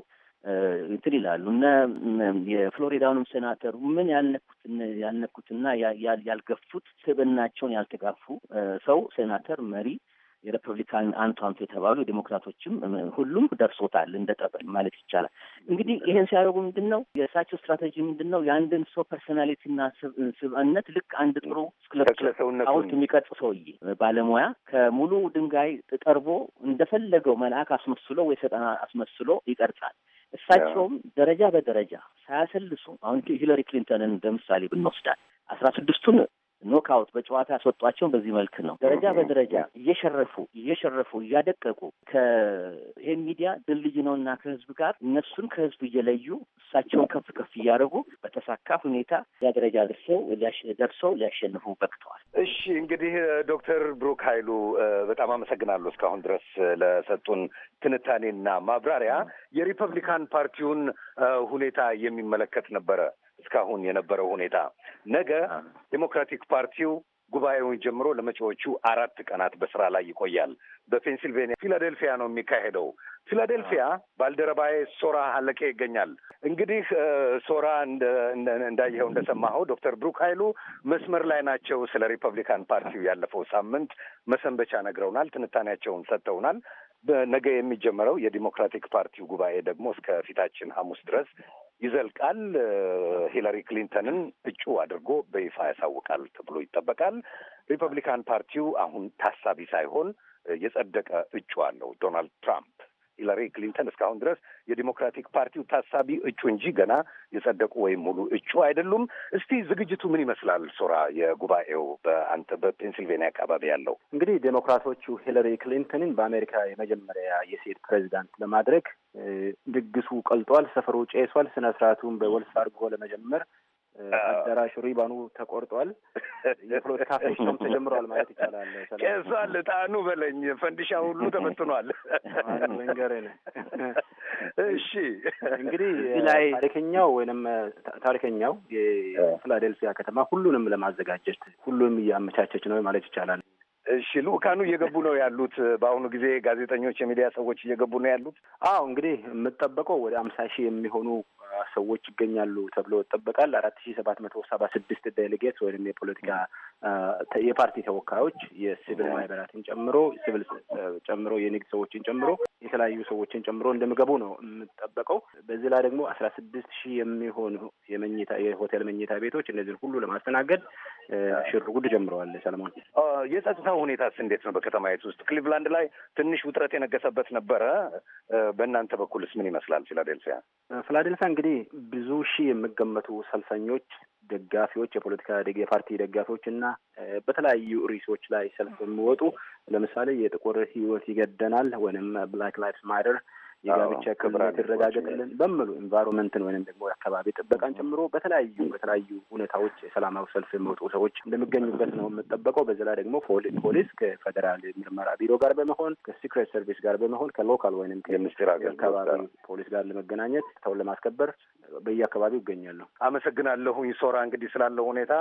እንትን ይላሉ። እነ የፍሎሪዳውንም ሴናተር ምን ያልነኩት ያልነኩትና ያልገፉት ስብናቸውን ያልተጋፉ ሰው ሴናተር መሪ የሪፐብሊካን አንቱ የተባሉ ዴሞክራቶችም ሁሉም ደርሶታል እንደ ጠበል ማለት ይቻላል። እንግዲህ ይሄን ሲያደርጉ ምንድን ነው የእሳቸው ስትራቴጂ ምንድን ነው? የአንድን ሰው ፐርሶናሊቲና ስብዕነት ልክ አንድ ጥሩ ሐውልት የሚቀርጽ ሰውዬ ባለሙያ ከሙሉ ድንጋይ ጠርቦ እንደፈለገው መልአክ አስመስሎ ወይ ሰጠና አስመስሎ ይቀርጻል። እሳቸውም ደረጃ በደረጃ ሳያሰልሱ አሁን ሂለሪ ክሊንተንን እንደ ብንወስዳል አስራ ስድስቱን ኖክአውት በጨዋታ ያስወጧቸውን በዚህ መልክ ነው። ደረጃ በደረጃ እየሸረፉ እየሸረፉ እያደቀቁ ከይህን ሚዲያ ድልድይ ነውና ከህዝብ ጋር እነሱን ከህዝብ እየለዩ እሳቸውን ከፍ ከፍ እያደረጉ በተሳካ ሁኔታ ያ ደረጃ ደርሰው ደርሰው ሊያሸንፉ በቅተዋል። እሺ እንግዲህ ዶክተር ብሩክ ኃይሉ በጣም አመሰግናለሁ እስካሁን ድረስ ለሰጡን ትንታኔና ማብራሪያ። የሪፐብሊካን ፓርቲውን ሁኔታ የሚመለከት ነበረ። እስካሁን የነበረው ሁኔታ። ነገ ዴሞክራቲክ ፓርቲው ጉባኤውን ጀምሮ ለመጪዎቹ አራት ቀናት በስራ ላይ ይቆያል። በፔንሲልቬኒያ ፊላዴልፊያ ነው የሚካሄደው። ፊላዴልፊያ ባልደረባዬ ሶራ ሀለቄ ይገኛል። እንግዲህ ሶራ እንዳየኸው እንደሰማኸው ዶክተር ብሩክ ኃይሉ መስመር ላይ ናቸው። ስለ ሪፐብሊካን ፓርቲው ያለፈው ሳምንት መሰንበቻ ነግረውናል፣ ትንታኔያቸውን ሰጥተውናል። ነገ የሚጀመረው የዲሞክራቲክ ፓርቲው ጉባኤ ደግሞ እስከ ፊታችን ሐሙስ ድረስ ይዘልቃል። ሂላሪ ክሊንተንን እጩ አድርጎ በይፋ ያሳውቃል ተብሎ ይጠበቃል። ሪፐብሊካን ፓርቲው አሁን ታሳቢ ሳይሆን የጸደቀ እጩ አለው ዶናልድ ትራምፕ ሂላሪ ክሊንተን እስካሁን ድረስ የዲሞክራቲክ ፓርቲው ታሳቢ እጩ እንጂ ገና የጸደቁ ወይም ሙሉ እጩ አይደሉም። እስቲ ዝግጅቱ ምን ይመስላል? ሶራ፣ የጉባኤው በአንተ በፔንሲልቬኒያ አካባቢ ያለው እንግዲህ ዴሞክራቶቹ ሂላሪ ክሊንተንን በአሜሪካ የመጀመሪያ የሴት ፕሬዚዳንት ለማድረግ ድግሱ ቀልጧል፣ ሰፈሩ ጨሷል። ስነ ስርዓቱን በወልስ አድርጎ ለመጀመር አዳራሹ ሪባኑ ተቆርጧል። የፖለቲካ ፍሽቶም ተጀምሯል ማለት ይቻላል። ቄሷል፣ ጣኑ በለኝ፣ ፈንዲሻ ሁሉ ተበትኗል። መንገርን እሺ፣ እንግዲህ ላይ ታሪከኛው ወይንም ታሪከኛው የፊላዴልፊያ ከተማ ሁሉንም ለማዘጋጀት ሁሉም እያመቻቸች ነው ማለት ይቻላል። እሺ፣ ልኡካኑ እየገቡ ነው ያሉት። በአሁኑ ጊዜ ጋዜጠኞች፣ የሚዲያ ሰዎች እየገቡ ነው ያሉት። አዎ እንግዲህ የምጠበቀው ወደ አምሳ ሺህ የሚሆኑ ሰዎች ይገኛሉ ተብሎ ይጠበቃል። አራት ሺህ ሰባት መቶ ሰባ ስድስት ዴሌጌትስ ወይም የፖለቲካ የፓርቲ ተወካዮች የሲቪል ማህበራትን ጨምሮ ሲቪል ጨምሮ የንግድ ሰዎችን ጨምሮ የተለያዩ ሰዎችን ጨምሮ እንደሚገቡ ነው የምጠበቀው። በዚህ ላይ ደግሞ አስራ ስድስት ሺህ የሚሆኑ የመኝታ የሆቴል መኝታ ቤቶች እነዚህን ሁሉ ለማስተናገድ ሽርጉድ ጀምረዋል። ሰለሞን፣ የጸጥታ ሁኔታስ እንዴት ነው? በከተማይቱ ውስጥ ክሊቭላንድ ላይ ትንሽ ውጥረት የነገሰበት ነበረ። በእናንተ በኩልስ ምን ይመስላል? ፊላዴልፊያ ፊላዴልፊያ እንግዲህ ብዙ ሺህ የሚገመቱ ሰልፈኞች ደጋፊዎች የፖለቲካ የፓርቲ ደጋፊዎች እና በተለያዩ ርዕሶች ላይ ሰልፍ የሚወጡ ለምሳሌ የጥቁር ህይወት ይገደናል ወይም ብላክ ላይቭስ ማደር የጋብቻ ክብራት ይረጋገጥልን በሚሉ ኢንቫይሮንመንትን ወይም ደግሞ የአካባቢ ጥበቃን ጨምሮ በተለያዩ በተለያዩ ሁኔታዎች የሰላማዊ ሰልፍ የሚወጡ ሰዎች እንደሚገኙበት ነው የምጠበቀው። በዚህ ላይ ደግሞ ፖሊስ ከፌዴራል ምርመራ ቢሮ ጋር በመሆን ከሲክሬት ሰርቪስ ጋር በመሆን ከሎካል ወይም አካባቢ ፖሊስ ጋር ለመገናኘት ተውን ለማስከበር በየአካባቢው ይገኛሉ። አመሰግናለሁ። ሶራ እንግዲህ ስላለው ሁኔታ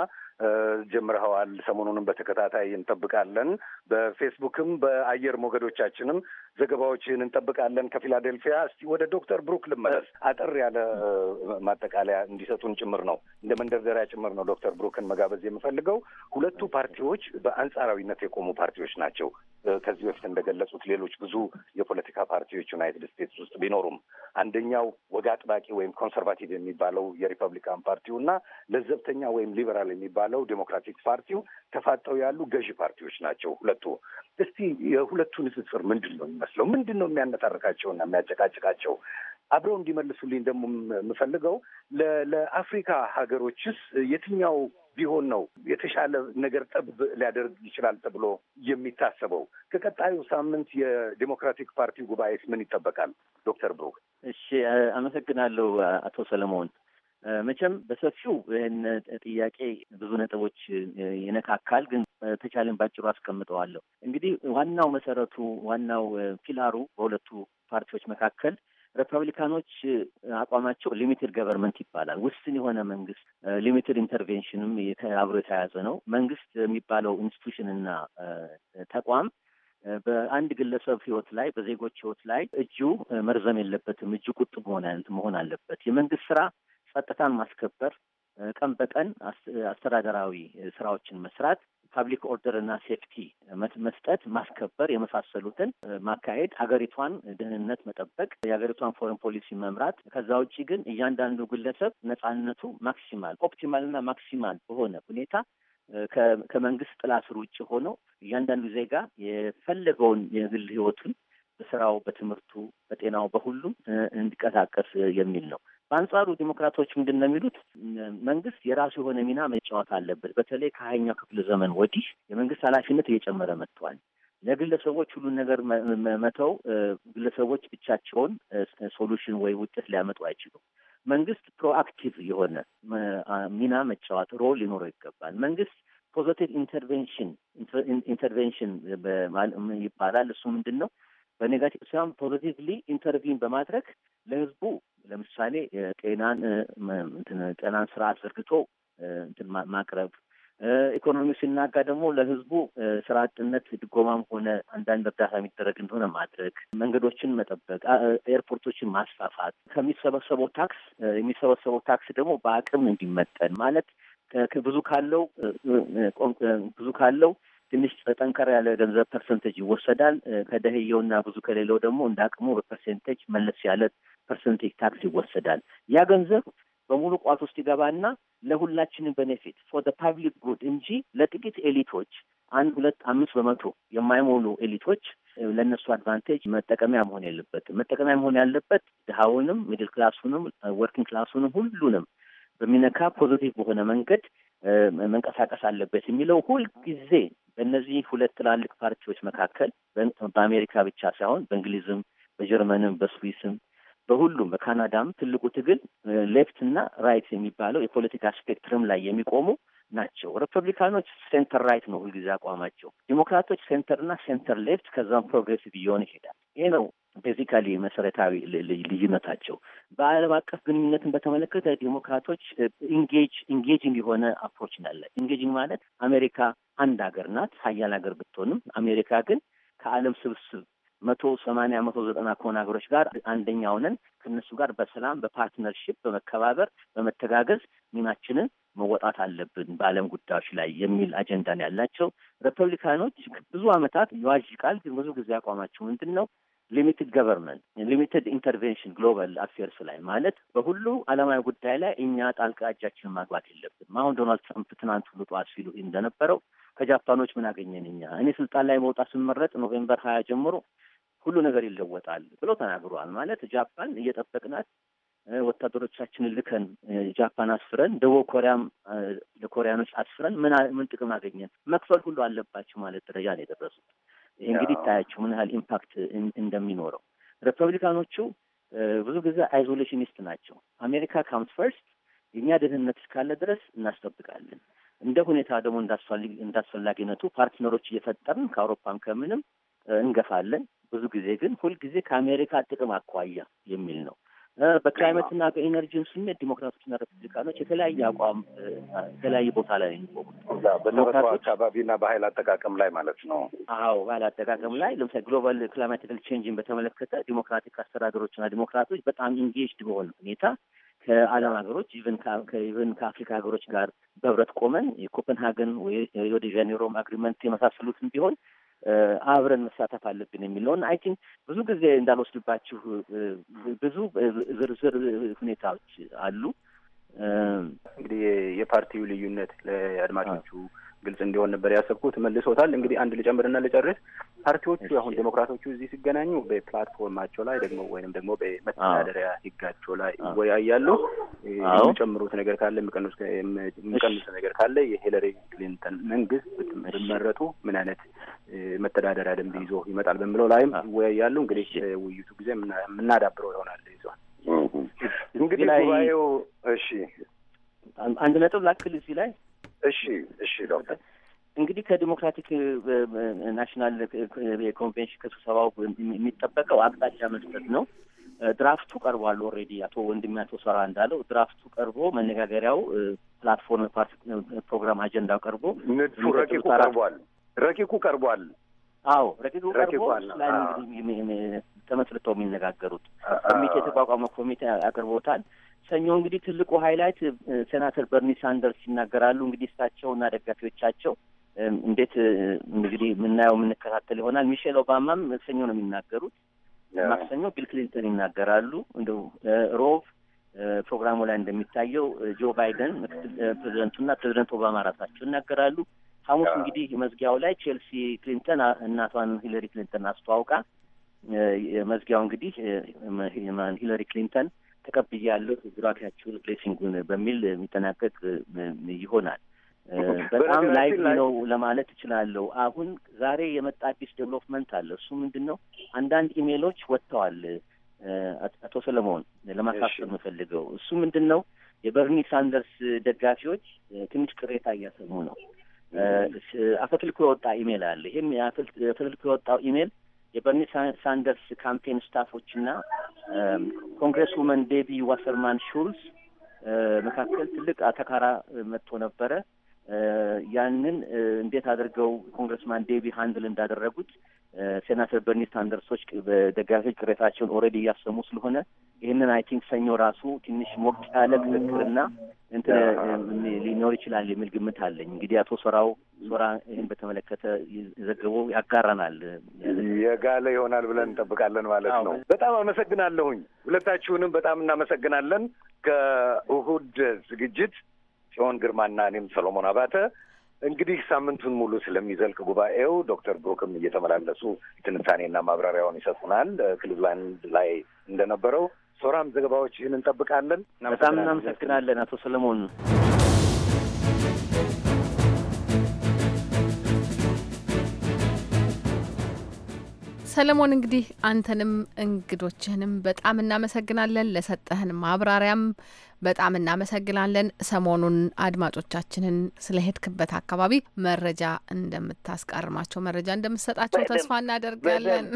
ጀምረኸዋል። ሰሞኑንም በተከታታይ እንጠብቃለን። በፌስቡክም በአየር ሞገዶቻችንም ዘገባዎችን እንጠብቃለን። ከፊላ ፊላዴልፊያ። እስቲ ወደ ዶክተር ብሩክ ልመለስ። አጠር ያለ ማጠቃለያ እንዲሰጡን ጭምር ነው እንደ መንደርደሪያ ጭምር ነው ዶክተር ብሩክን መጋበዝ የምፈልገው። ሁለቱ ፓርቲዎች በአንጻራዊነት የቆሙ ፓርቲዎች ናቸው። ከዚህ በፊት እንደገለጹት ሌሎች ብዙ የፖለቲካ ፓርቲዎች ዩናይትድ ስቴትስ ውስጥ ቢኖሩም አንደኛው ወግ አጥባቂ ወይም ኮንሰርቫቲቭ የሚባለው የሪፐብሊካን ፓርቲው እና ለዘብተኛ ወይም ሊበራል የሚባለው ዴሞክራቲክ ፓርቲው ተፋጠው ያሉ ገዢ ፓርቲዎች ናቸው ሁለቱ። እስቲ የሁለቱ ንጽጽር ምንድን ነው የሚመስለው? ምንድን ነው የሚያነታርካቸውና የሚያጨቃጭቃቸው? አብረው እንዲመልሱልኝ ደግሞ የምፈልገው ለአፍሪካ ሀገሮችስ የትኛው ቢሆን ነው የተሻለ ነገር ጠብ ሊያደርግ ይችላል ተብሎ የሚታሰበው? ከቀጣዩ ሳምንት የዲሞክራቲክ ፓርቲ ጉባኤስ ምን ይጠበቃል? ዶክተር ብሩክ። እሺ፣ አመሰግናለሁ አቶ ሰለሞን። መቼም በሰፊው ይህን ጥያቄ ብዙ ነጥቦች ይነካካል፣ ግን ተቻለን ባጭሩ አስቀምጠዋለሁ። እንግዲህ ዋናው መሰረቱ ዋናው ፒላሩ በሁለቱ ፓርቲዎች መካከል ሪፐብሊካኖች አቋማቸው ሊሚትድ ገቨርንመንት ይባላል። ውስን የሆነ መንግስት፣ ሊሚትድ ኢንተርቬንሽንም አብሮ የተያያዘ ነው። መንግስት የሚባለው ኢንስቲቱሽንና ተቋም በአንድ ግለሰብ ህይወት ላይ በዜጎች ህይወት ላይ እጁ መርዘም የለበትም። እጁ ቁጥብ መሆን አለበት። የመንግስት ስራ ጸጥታን ማስከበር፣ ቀን በቀን አስተዳደራዊ ስራዎችን መስራት ፓብሊክ ኦርደር እና ሴፍቲ መስጠት፣ ማስከበር የመሳሰሉትን ማካሄድ፣ ሀገሪቷን ደህንነት መጠበቅ፣ የሀገሪቷን ፎረን ፖሊሲ መምራት። ከዛ ውጭ ግን እያንዳንዱ ግለሰብ ነጻነቱ ማክሲማል እና ማክሲማል በሆነ ሁኔታ ከመንግስት ጥላ ስር ውጭ ሆኖ እያንዳንዱ ዜጋ የፈለገውን የግል ህይወቱን በስራው፣ በትምህርቱ፣ በጤናው፣ በሁሉም እንዲቀሳቀስ የሚል ነው። በአንጻሩ ዲሞክራቶች ምንድን ነው የሚሉት? መንግስት የራሱ የሆነ ሚና መጫወት አለበት። በተለይ ከሀያኛው ክፍለ ዘመን ወዲህ የመንግስት ኃላፊነት እየጨመረ መጥቷል። ለግለሰቦች ሁሉን ነገር መተው፣ ግለሰቦች ብቻቸውን ሶሉሽን ወይ ውጤት ሊያመጡ አይችሉም። መንግስት ፕሮአክቲቭ የሆነ ሚና መጫወት ሮል ሊኖረው ይገባል። መንግስት ፖዘቲቭ ኢንተርቬንሽን ኢንተርቬንሽን ይባላል። እሱ ምንድን ነው? በኔጋቲቭ ሳይሆን ፖዘቲቭሊ ኢንተርቪን በማድረግ ለህዝቡ ለምሳሌ ጤናን ጤናን ስራ ዘርግቶ እንትን ማቅረብ ኢኮኖሚ ሲናጋ ደግሞ ለህዝቡ ስራ አጥነት ድጎማም ሆነ አንዳንድ እርዳታ የሚደረግ እንደሆነ ማድረግ፣ መንገዶችን መጠበቅ፣ ኤርፖርቶችን ማስፋፋት፣ ከሚሰበሰበው ታክስ የሚሰበሰበው ታክስ ደግሞ በአቅም እንዲመጠን ማለት ብዙ ካለው ብዙ ካለው ትንሽ ጠንከር ያለ ገንዘብ ፐርሰንቴጅ ይወሰዳል። ከደህየውና ብዙ ከሌለው ደግሞ እንደ አቅሙ በፐርሰንቴጅ መለስ ያለ ፐርሰንት ታክስ ይወሰዳል። ያ ገንዘብ በሙሉ ቋት ውስጥ ይገባና ለሁላችንም ቤኔፊት ፎር ደ ፓብሊክ ጉድ እንጂ ለጥቂት ኤሊቶች አንድ ሁለት አምስት በመቶ የማይሞሉ ኤሊቶች ለእነሱ አድቫንቴጅ መጠቀሚያ መሆን የለበትም። መጠቀሚያ መሆን ያለበት ድሃውንም፣ ሚድል ክላሱንም፣ ወርኪንግ ክላሱንም ሁሉንም በሚነካ ፖዚቲቭ በሆነ መንገድ መንቀሳቀስ አለበት የሚለው ሁልጊዜ በእነዚህ ሁለት ትላልቅ ፓርቲዎች መካከል በአሜሪካ ብቻ ሳይሆን በእንግሊዝም፣ በጀርመንም፣ በስዊስም በሁሉም በካናዳም ትልቁ ትግል ሌፍት እና ራይት የሚባለው የፖለቲካ ስፔክትረም ላይ የሚቆሙ ናቸው። ሪፐብሊካኖች ሴንተር ራይት ነው ሁልጊዜ አቋማቸው። ዲሞክራቶች ሴንተር እና ሴንተር ሌፍት ከዛም ፕሮግሬሲቭ እየሆነ ይሄዳል። ይህ ነው ቤዚካሊ መሰረታዊ ልዩነታቸው። በዓለም አቀፍ ግንኙነትን በተመለከተ ዲሞክራቶች ኢንጌጅ ኢንጌጂንግ የሆነ አፕሮች ናለ። ኢንጌጂንግ ማለት አሜሪካ አንድ ሀገር ናት፣ ሀያል ሀገር ብትሆንም አሜሪካ ግን ከዓለም ስብስብ መቶ ሰማንያ መቶ ዘጠና ከሆነ ሀገሮች ጋር አንደኛ ሆነን ከእነሱ ጋር በሰላም በፓርትነርሽፕ በመከባበር በመተጋገዝ ሚናችንን መወጣት አለብን በዓለም ጉዳዮች ላይ የሚል አጀንዳ ነው ያላቸው። ሪፐብሊካኖች ብዙ ዓመታት ይዋዥቃል፣ ግን ብዙ ጊዜ አቋማቸው ምንድን ነው? ሊሚትድ ገቨርንመንት ሊሚትድ ኢንተርቬንሽን ግሎባል አፌርስ ላይ ማለት በሁሉ ዓለማዊ ጉዳይ ላይ እኛ ጣልቃ እጃችንን ማግባት የለብንም። አሁን ዶናልድ ትራምፕ ትናንት ሁሉ ጠዋት ሲሉ እንደነበረው ከጃፓኖች ምን አገኘን እኛ? እኔ ስልጣን ላይ መውጣት ስመረጥ ኖቬምበር ሀያ ጀምሮ ሁሉ ነገር ይለወጣል ብለው ተናግሯል ማለት ጃፓን እየጠበቅናት ወታደሮቻችንን ልከን ጃፓን አስፍረን ደቡብ ኮሪያም ለኮሪያኖች አስፍረን ምን ጥቅም አገኘን? መክፈል ሁሉ አለባቸው ማለት ደረጃ ነው የደረሱት። ይህ እንግዲህ ይታያቸው ምን ያህል ኢምፓክት እንደሚኖረው። ሪፐብሊካኖቹ ብዙ ጊዜ አይዞሌሽኒስት ናቸው። አሜሪካ ካምስ ፈርስት፣ የእኛ ደህንነት እስካለ ድረስ እናስጠብቃለን እንደ ሁኔታ ደግሞ እንዳስፈላጊነቱ ፓርትነሮች እየፈጠርን ከአውሮፓም ከምንም እንገፋለን። ብዙ ጊዜ ግን ሁልጊዜ ከአሜሪካ ጥቅም አኳያ የሚል ነው። በክላይመትና በኢነርጂም ስሜት ዲሞክራቶችና ሪፐብሊካኖች የተለያየ አቋም የተለያየ ቦታ ላይ በተፈጥሮ አካባቢና በሀይል አጠቃቀም ላይ ማለት ነው። አዎ በኃይል አጠቃቀም ላይ ለምሳሌ ግሎባል ክላይማቲካል ቼንጅን በተመለከተ ዲሞክራቲክ አስተዳደሮችና ዲሞክራቶች በጣም ኢንጌጅድ በሆነ ሁኔታ ከዓለም ሀገሮች ኢቨን ከአፍሪካ ሀገሮች ጋር በህብረት ቆመን የኮፐንሃገን ወይ አግሪመንት የመሳሰሉትን ቢሆን አብረን መሳተፍ አለብን የሚለውን አይ ቲንክ ብዙ ጊዜ እንዳልወስድባችሁ ብዙ ዝርዝር ሁኔታዎች አሉ። እንግዲህ የፓርቲው ልዩነት ለአድማጮቹ ግልጽ እንዲሆን ነበር ያሰብኩት። መልሶታል። እንግዲህ አንድ ልጨምርና ልጨርስ። ፓርቲዎቹ አሁን ዴሞክራቶቹ እዚህ ሲገናኙ በፕላትፎርማቸው ላይ ደግሞ ወይንም ደግሞ በመተዳደሪያ ሕጋቸው ላይ ይወያያሉ። የሚጨምሩት ነገር ካለ የሚቀንሱ ነገር ካለ የሂለሪ ክሊንተን መንግስት ብትመረጡ ምን አይነት መተዳደሪያ ደንብ ይዞ ይመጣል በሚለው ላይም ይወያያሉ። እንግዲህ ውይይቱ ጊዜ የምናዳብረው ይሆናል ይዟል እንግዲህ ጉባኤው እሺ አንድ ነጥብ ላክል እዚህ ላይ እሺ እሺ ዶክተር እንግዲህ ከዲሞክራቲክ ናሽናል ኮንቬንሽን ከስብሰባው የሚጠበቀው አቅጣጫ መስጠት ነው። ድራፍቱ ቀርቧል ኦልሬዲ አቶ አቶ ሰራ እንዳለው ድራፍቱ ቀርቦ መነጋገሪያው ፕላትፎርም ፓርቲ ፕሮግራም አጀንዳው ቀርቦ ንድፉ ረቂቁ ቀርቧል ረቂቁ ቀርቧል። አዎ ረቂቁ ቀርቦ ላይ ተመስርተው የሚነጋገሩት ኮሚቴ የተቋቋመ ኮሚቴ አቅርቦታል። ሰኞ እንግዲህ ትልቁ ሃይላይት ሴናተር በርኒ ሳንደርስ ይናገራሉ። እንግዲህ እሳቸው እና ደጋፊዎቻቸው እንዴት እንግዲህ የምናየው የምንከታተል ይሆናል። ሚሼል ኦባማም ሰኞ ነው የሚናገሩት። ማክሰኞ ቢል ክሊንተን ይናገራሉ። እንደው ሮቭ ፕሮግራሙ ላይ እንደሚታየው ጆ ባይደን ምክትል ፕሬዚደንቱና ፕሬዚደንት ኦባማ ራሳቸው ይናገራሉ። ሐሙስ እንግዲህ መዝጊያው ላይ ቼልሲ ክሊንተን እናቷን ሂለሪ ክሊንተን አስተዋውቃ መዝጊያው እንግዲህ ሂለሪ ክሊንተን ተቀብያለሁ ግራፊያችሁን ፕሌሲንጉን በሚል የሚጠናቀቅ ይሆናል። በጣም ላይፍ ነው ለማለት እችላለሁ። አሁን ዛሬ የመጣ አዲስ ዴቨሎፕመንት አለ። እሱ ምንድን ነው? አንዳንድ ኢሜሎች ወጥተዋል። አቶ ሰለሞን ለማሳሰብ የምፈልገው እሱ ምንድን ነው? የበርኒ ሳንደርስ ደጋፊዎች ትንሽ ቅሬታ እያሰሙ ነው። አፈትልኮ የወጣ ኢሜል አለ። ይህም አፈትልኮ የወጣው ኢሜል የበርኒ ሳንደርስ ካምፔን ስታፎች እና ኮንግረስ ውመን ቤቢ ዋሰርማን ሹልስ መካከል ትልቅ አተካራ መጥቶ ነበረ። ያንን እንዴት አድርገው ኮንግረስማን ዴቪ ሀንድል እንዳደረጉት ሴናተር በርኒ ሳንደርሶች በደጋፊዎች ቅሬታቸውን ኦልሬዲ እያሰሙ ስለሆነ ይህንን አይ ቲንክ ሰኞ ራሱ ትንሽ ሞቅ ያለ ክርክርና እንትን ሊኖር ይችላል የሚል ግምት አለኝ። እንግዲህ አቶ ሶራው ሶራ ይህን በተመለከተ ዘግበው ያጋራናል። የጋለ ይሆናል ብለን እንጠብቃለን ማለት ነው። በጣም አመሰግናለሁኝ። ሁለታችሁንም በጣም እናመሰግናለን። ከእሁድ ዝግጅት ጽዮን ግርማና እኔም ሰሎሞን አባተ እንግዲህ ሳምንቱን ሙሉ ስለሚዘልቅ ጉባኤው ዶክተር ብሩክም እየተመላለሱ ትንታኔና ማብራሪያውን ይሰጡናል። ክሊቭላንድ ላይ እንደነበረው ሶራም ዘገባዎችህን እንጠብቃለን። በጣም እናመሰግናለን አቶ ሰለሞን። ሰለሞን እንግዲህ አንተንም እንግዶችህንም በጣም እናመሰግናለን። ለሰጠህን ማብራሪያም በጣም እናመሰግናለን። ሰሞኑን አድማጮቻችንን ስለ ሄድክበት አካባቢ መረጃ እንደምታስቃርማቸው መረጃ እንደምትሰጣቸው ተስፋ እናደርጋለን።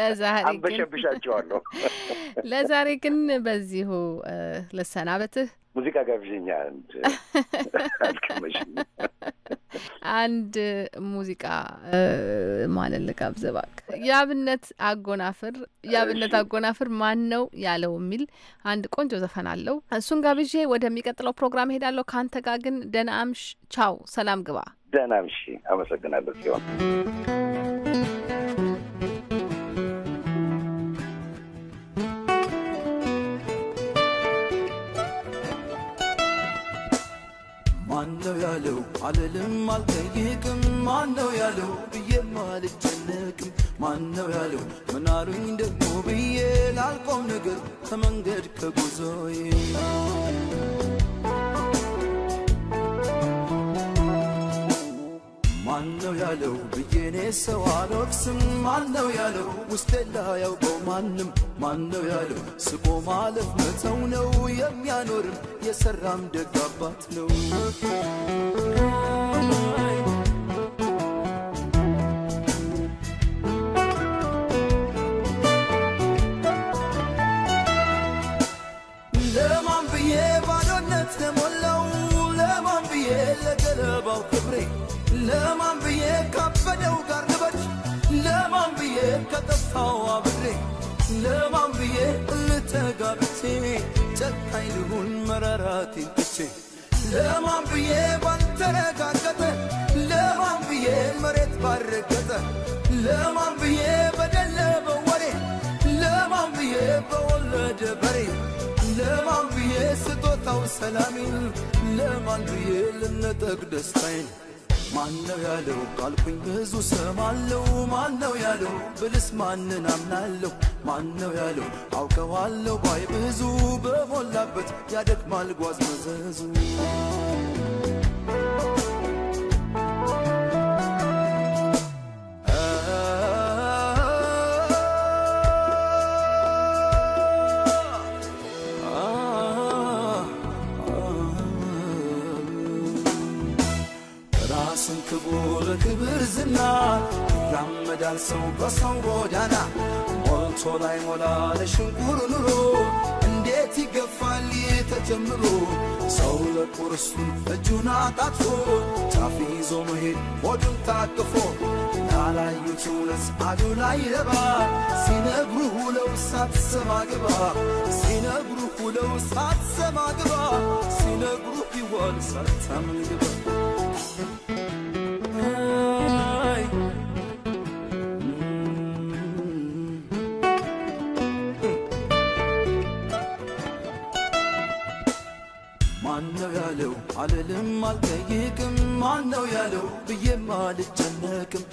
ለዛሬ ግን ለዛሬ ግን በዚሁ ልሰናበትህ። ሙዚቃ ጋር ብዥኛ አንድ አልቀመሽም። አንድ ሙዚቃ ማንን ልጋብዝ እባክህ? የአብነት አጎናፍር የአብነት አጎናፍር ማን ነው ያለው የሚል አንድ ቆንጆ ዘፈን አለው። እሱን ጋብዤ ወደሚቀጥለው ፕሮግራም ሄዳለሁ። ከአንተ ጋር ግን ደህና አምሽ፣ ቻው፣ ሰላም ግባ። ደህና አምሽ። አመሰግናለሁ ሲሆን ማነው ያለው አልልም አልጠይቅም ማነው ያለው ብዬም አልጨነቅም ማነው ያለው ምናሩኝ ደግሞ ብዬ ላልቆም ነገር ከመንገድ ከጉዞዬ ማነው ያለው ብዬኔ ሰው አልወቅስም። ማነው ያለው ውስጤላ ላያውቀው ማንም ማነው ያለው ስቆ ማለፍ መተው ነው የሚያኖርም የሰራም ደግ አባት ነው። ለማን ብዬ ባዶነት ተሞላው ለማን ብዬ ለገለባው ክብሬ ለማን ብዬ ካበደው ጋር ልበድ ለማን ብዬ ከጠፋው አብሬ ለማን ብዬ ልተጋብቼ ጨካኝ ልሁን መራራቴን ትቼ ለማን ብዬ ባልተረጋገጠ ለማን ብዬ መሬት ባረገጠ ለማን ብዬ በደለበ ወሬ ለማን ብዬ በወለደ በሬ ለማን ብዬ ስጦታው ሰላሜን ለማን ብዬ ልነጠቅ ደስታዬን ማነው ያለው ካልኩኝ ብዙ ሰማለው። ማነው ያለው ብልስ ማንን አምናለሁ? ማነው ያለው አውቀዋለሁ ባይ ብዙ በሞላበት ያደክማል ጓዝ መዘዙ በክብር ዝና ይራመዳል ሰው በሰው ጎዳና ሞልቶ ላይ ሞላ ለሽንቁር ኑሮ እንዴት ይገፋል ተጀምሮ ሰው ለቁርሱ እጁን አጣጥፎ ጫፍ ይዞ መሄድ ሆዱን ታቅፎ ያላዩት እውነት ላይ ለባ ሲነግሩ ሁለው ሳትሰማ ሲነግሩ ሁለው ሳትሰማ ሲነግሩ ይወል ሳታምን ያለው አልልም አልጠይቅም ነው ያለው ብዬም አልጨነቅም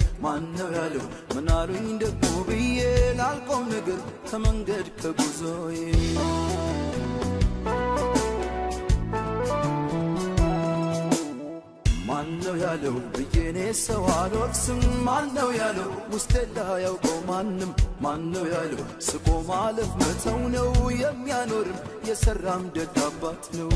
ነው ያለው ምናሉኝ ደግሞ ብዬ ላልቆም ነገር ከመንገድ ከጉዞዬ ማን ነው ያለው ብዬኔ ሰው አልወቅስም ማን ነው ያለው ውስጤ ላያውቀው ማንም ማን ነው ያለው ስቆ ማለፍ መተው ነው የሚያኖርም የሰራም ደግ አባት ነው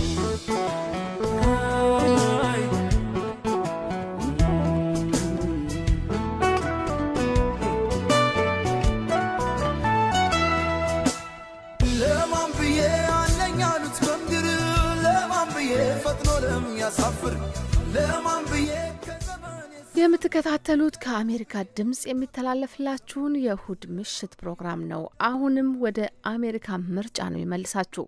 ለማን ብዬ አለኝ አሉት በምድር ለማን ብዬ ፈጥኖ ለሚያሳፍር የምትከታተሉት ከአሜሪካ ድምፅ የሚተላለፍላችሁን የእሁድ ምሽት ፕሮግራም ነው። አሁንም ወደ አሜሪካ ምርጫ ነው ይመልሳችሁ።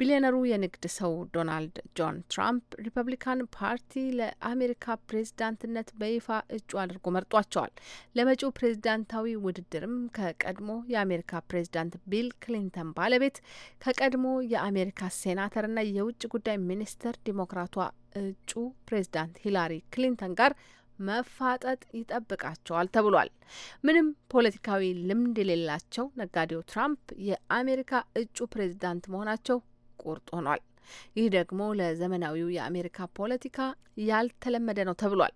ቢሊዮነሩ የንግድ ሰው ዶናልድ ጆን ትራምፕ ሪፐብሊካን ፓርቲ ለአሜሪካ ፕሬዝዳንትነት በይፋ እጩ አድርጎ መርጧቸዋል። ለመጪው ፕሬዝዳንታዊ ውድድርም ከቀድሞ የአሜሪካ ፕሬዝዳንት ቢል ክሊንተን ባለቤት ከቀድሞ የአሜሪካ ሴናተርና የውጭ ጉዳይ ሚኒስትር ዲሞክራቷ እጩ ፕሬዝዳንት ሂላሪ ክሊንተን ጋር መፋጠጥ ይጠብቃቸዋል ተብሏል። ምንም ፖለቲካዊ ልምድ የሌላቸው ነጋዴው ትራምፕ የአሜሪካ እጩ ፕሬዝዳንት መሆናቸው ቁርጥ ሆኗል። ይህ ደግሞ ለዘመናዊው የአሜሪካ ፖለቲካ ያልተለመደ ነው ተብሏል።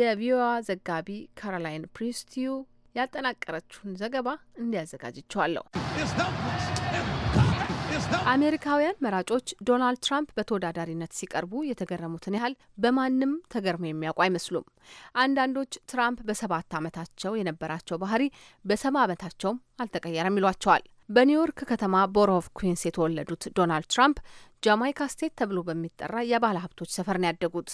የቪኦኤ ዘጋቢ ካሮላይን ፕሪስቲዩ ያጠናቀረችውን ዘገባ እንዲያዘጋጅቸዋለሁ። አሜሪካውያን መራጮች ዶናልድ ትራምፕ በተወዳዳሪነት ሲቀርቡ የተገረሙትን ያህል በማንም ተገርሞ የሚያውቁ አይመስሉም። አንዳንዶች ትራምፕ በሰባት ዓመታቸው የነበራቸው ባህሪ በሰባ ዓመታቸውም አልተቀየረም ይሏቸዋል። በኒውዮርክ ከተማ ቦሮ ኦፍ ኩዊንስ የተወለዱት ዶናልድ ትራምፕ ጃማይካ ስቴት ተብሎ በሚጠራ የባለ ሀብቶች ሰፈር ነው ያደጉት።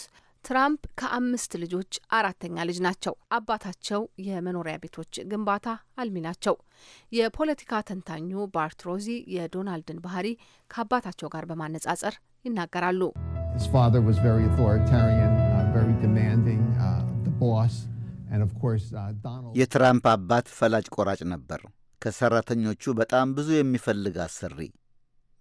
ትራምፕ ከአምስት ልጆች አራተኛ ልጅ ናቸው። አባታቸው የመኖሪያ ቤቶች ግንባታ አልሚ ናቸው። የፖለቲካ ተንታኙ ባርትሮዚ የዶናልድን ባህሪ ከአባታቸው ጋር በማነጻጸር ይናገራሉ። uh, uh, uh, የትራምፕ አባት ፈላጭ ቆራጭ ነበር፣ ከሰራተኞቹ በጣም ብዙ የሚፈልግ አሰሪ።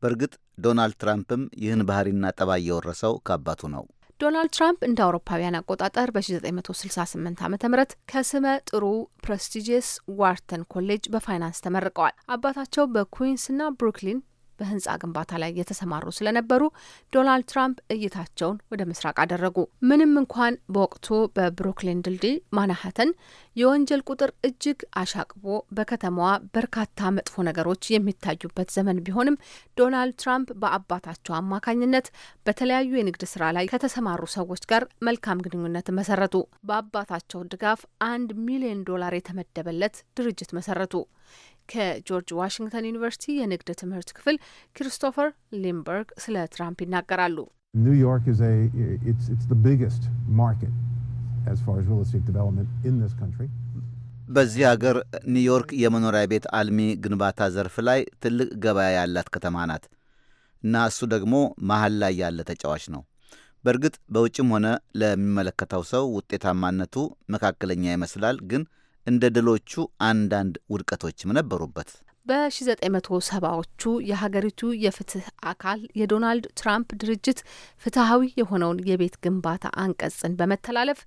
በእርግጥ ዶናልድ ትራምፕም ይህን ባህሪና ጠባይ የወረሰው ከአባቱ ነው። ዶናልድ ትራምፕ እንደ አውሮፓውያን አቆጣጠር በ1968 ዓ ም ከስመ ጥሩ ፕሬስቲጂየስ ዋርተን ኮሌጅ በፋይናንስ ተመርቀዋል። አባታቸው ና ብሩክሊን በህንፃ ግንባታ ላይ የተሰማሩ ስለነበሩ ዶናልድ ትራምፕ እይታቸውን ወደ ምስራቅ አደረጉ። ምንም እንኳን በወቅቱ በብሩክሊን ድልድይ ማናሀተን የወንጀል ቁጥር እጅግ አሻቅቦ በከተማዋ በርካታ መጥፎ ነገሮች የሚታዩበት ዘመን ቢሆንም ዶናልድ ትራምፕ በአባታቸው አማካኝነት በተለያዩ የንግድ ስራ ላይ ከተሰማሩ ሰዎች ጋር መልካም ግንኙነት መሰረቱ። በአባታቸው ድጋፍ አንድ ሚሊዮን ዶላር የተመደበለት ድርጅት መሰረቱ። ከጆርጅ ዋሽንግተን ዩኒቨርሲቲ የንግድ ትምህርት ክፍል ክሪስቶፈር ሊምበርግ ስለ ትራምፕ ይናገራሉ። በዚህ ሀገር ኒውዮርክ የመኖሪያ ቤት አልሚ ግንባታ ዘርፍ ላይ ትልቅ ገበያ ያላት ከተማ ናት እና እሱ ደግሞ መሀል ላይ ያለ ተጫዋች ነው። በእርግጥ በውጭም ሆነ ለሚመለከተው ሰው ውጤታማነቱ መካከለኛ ይመስላል ግን እንደ ድሎቹ አንዳንድ ውድቀቶችም ነበሩበት። በ1970ዎቹ የሀገሪቱ የፍትህ አካል የዶናልድ ትራምፕ ድርጅት ፍትሐዊ የሆነውን የቤት ግንባታ አንቀጽን በመተላለፍ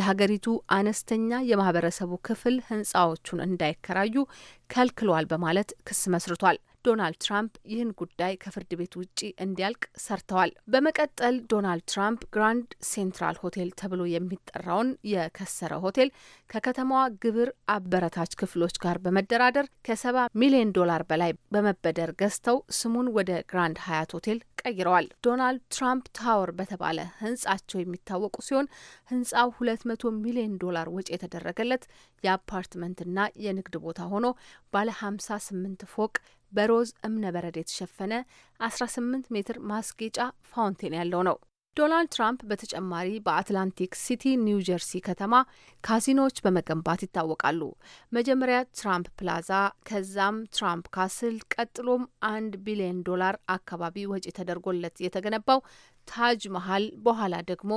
የሀገሪቱ አነስተኛ የማህበረሰቡ ክፍል ህንፃዎቹን እንዳይከራዩ ከልክሏል በማለት ክስ መስርቷል። ዶናልድ ትራምፕ ይህን ጉዳይ ከፍርድ ቤት ውጪ እንዲያልቅ ሰርተዋል። በመቀጠል ዶናልድ ትራምፕ ግራንድ ሴንትራል ሆቴል ተብሎ የሚጠራውን የከሰረ ሆቴል ከከተማዋ ግብር አበረታች ክፍሎች ጋር በመደራደር ከሰባ ሚሊዮን ዶላር በላይ በመበደር ገዝተው ስሙን ወደ ግራንድ ሀያት ሆቴል ቀይረዋል። ዶናልድ ትራምፕ ታወር በተባለ ህንጻቸው የሚታወቁ ሲሆን ህንጻው ሁለት መቶ ሚሊዮን ዶላር ወጪ የተደረገለት የአፓርትመንትና የንግድ ቦታ ሆኖ ባለ ሀምሳ ስምንት ፎቅ በሮዝ እብነ በረድ የተሸፈነ 18 ሜትር ማስጌጫ ፋውንቴን ያለው ነው። ዶናልድ ትራምፕ በተጨማሪ በአትላንቲክ ሲቲ ኒው ጀርሲ ከተማ ካሲኖዎች በመገንባት ይታወቃሉ። መጀመሪያ ትራምፕ ፕላዛ፣ ከዛም ትራምፕ ካስል፣ ቀጥሎም አንድ ቢሊዮን ዶላር አካባቢ ወጪ ተደርጎለት የተገነባው ታጅ መሀል በኋላ ደግሞ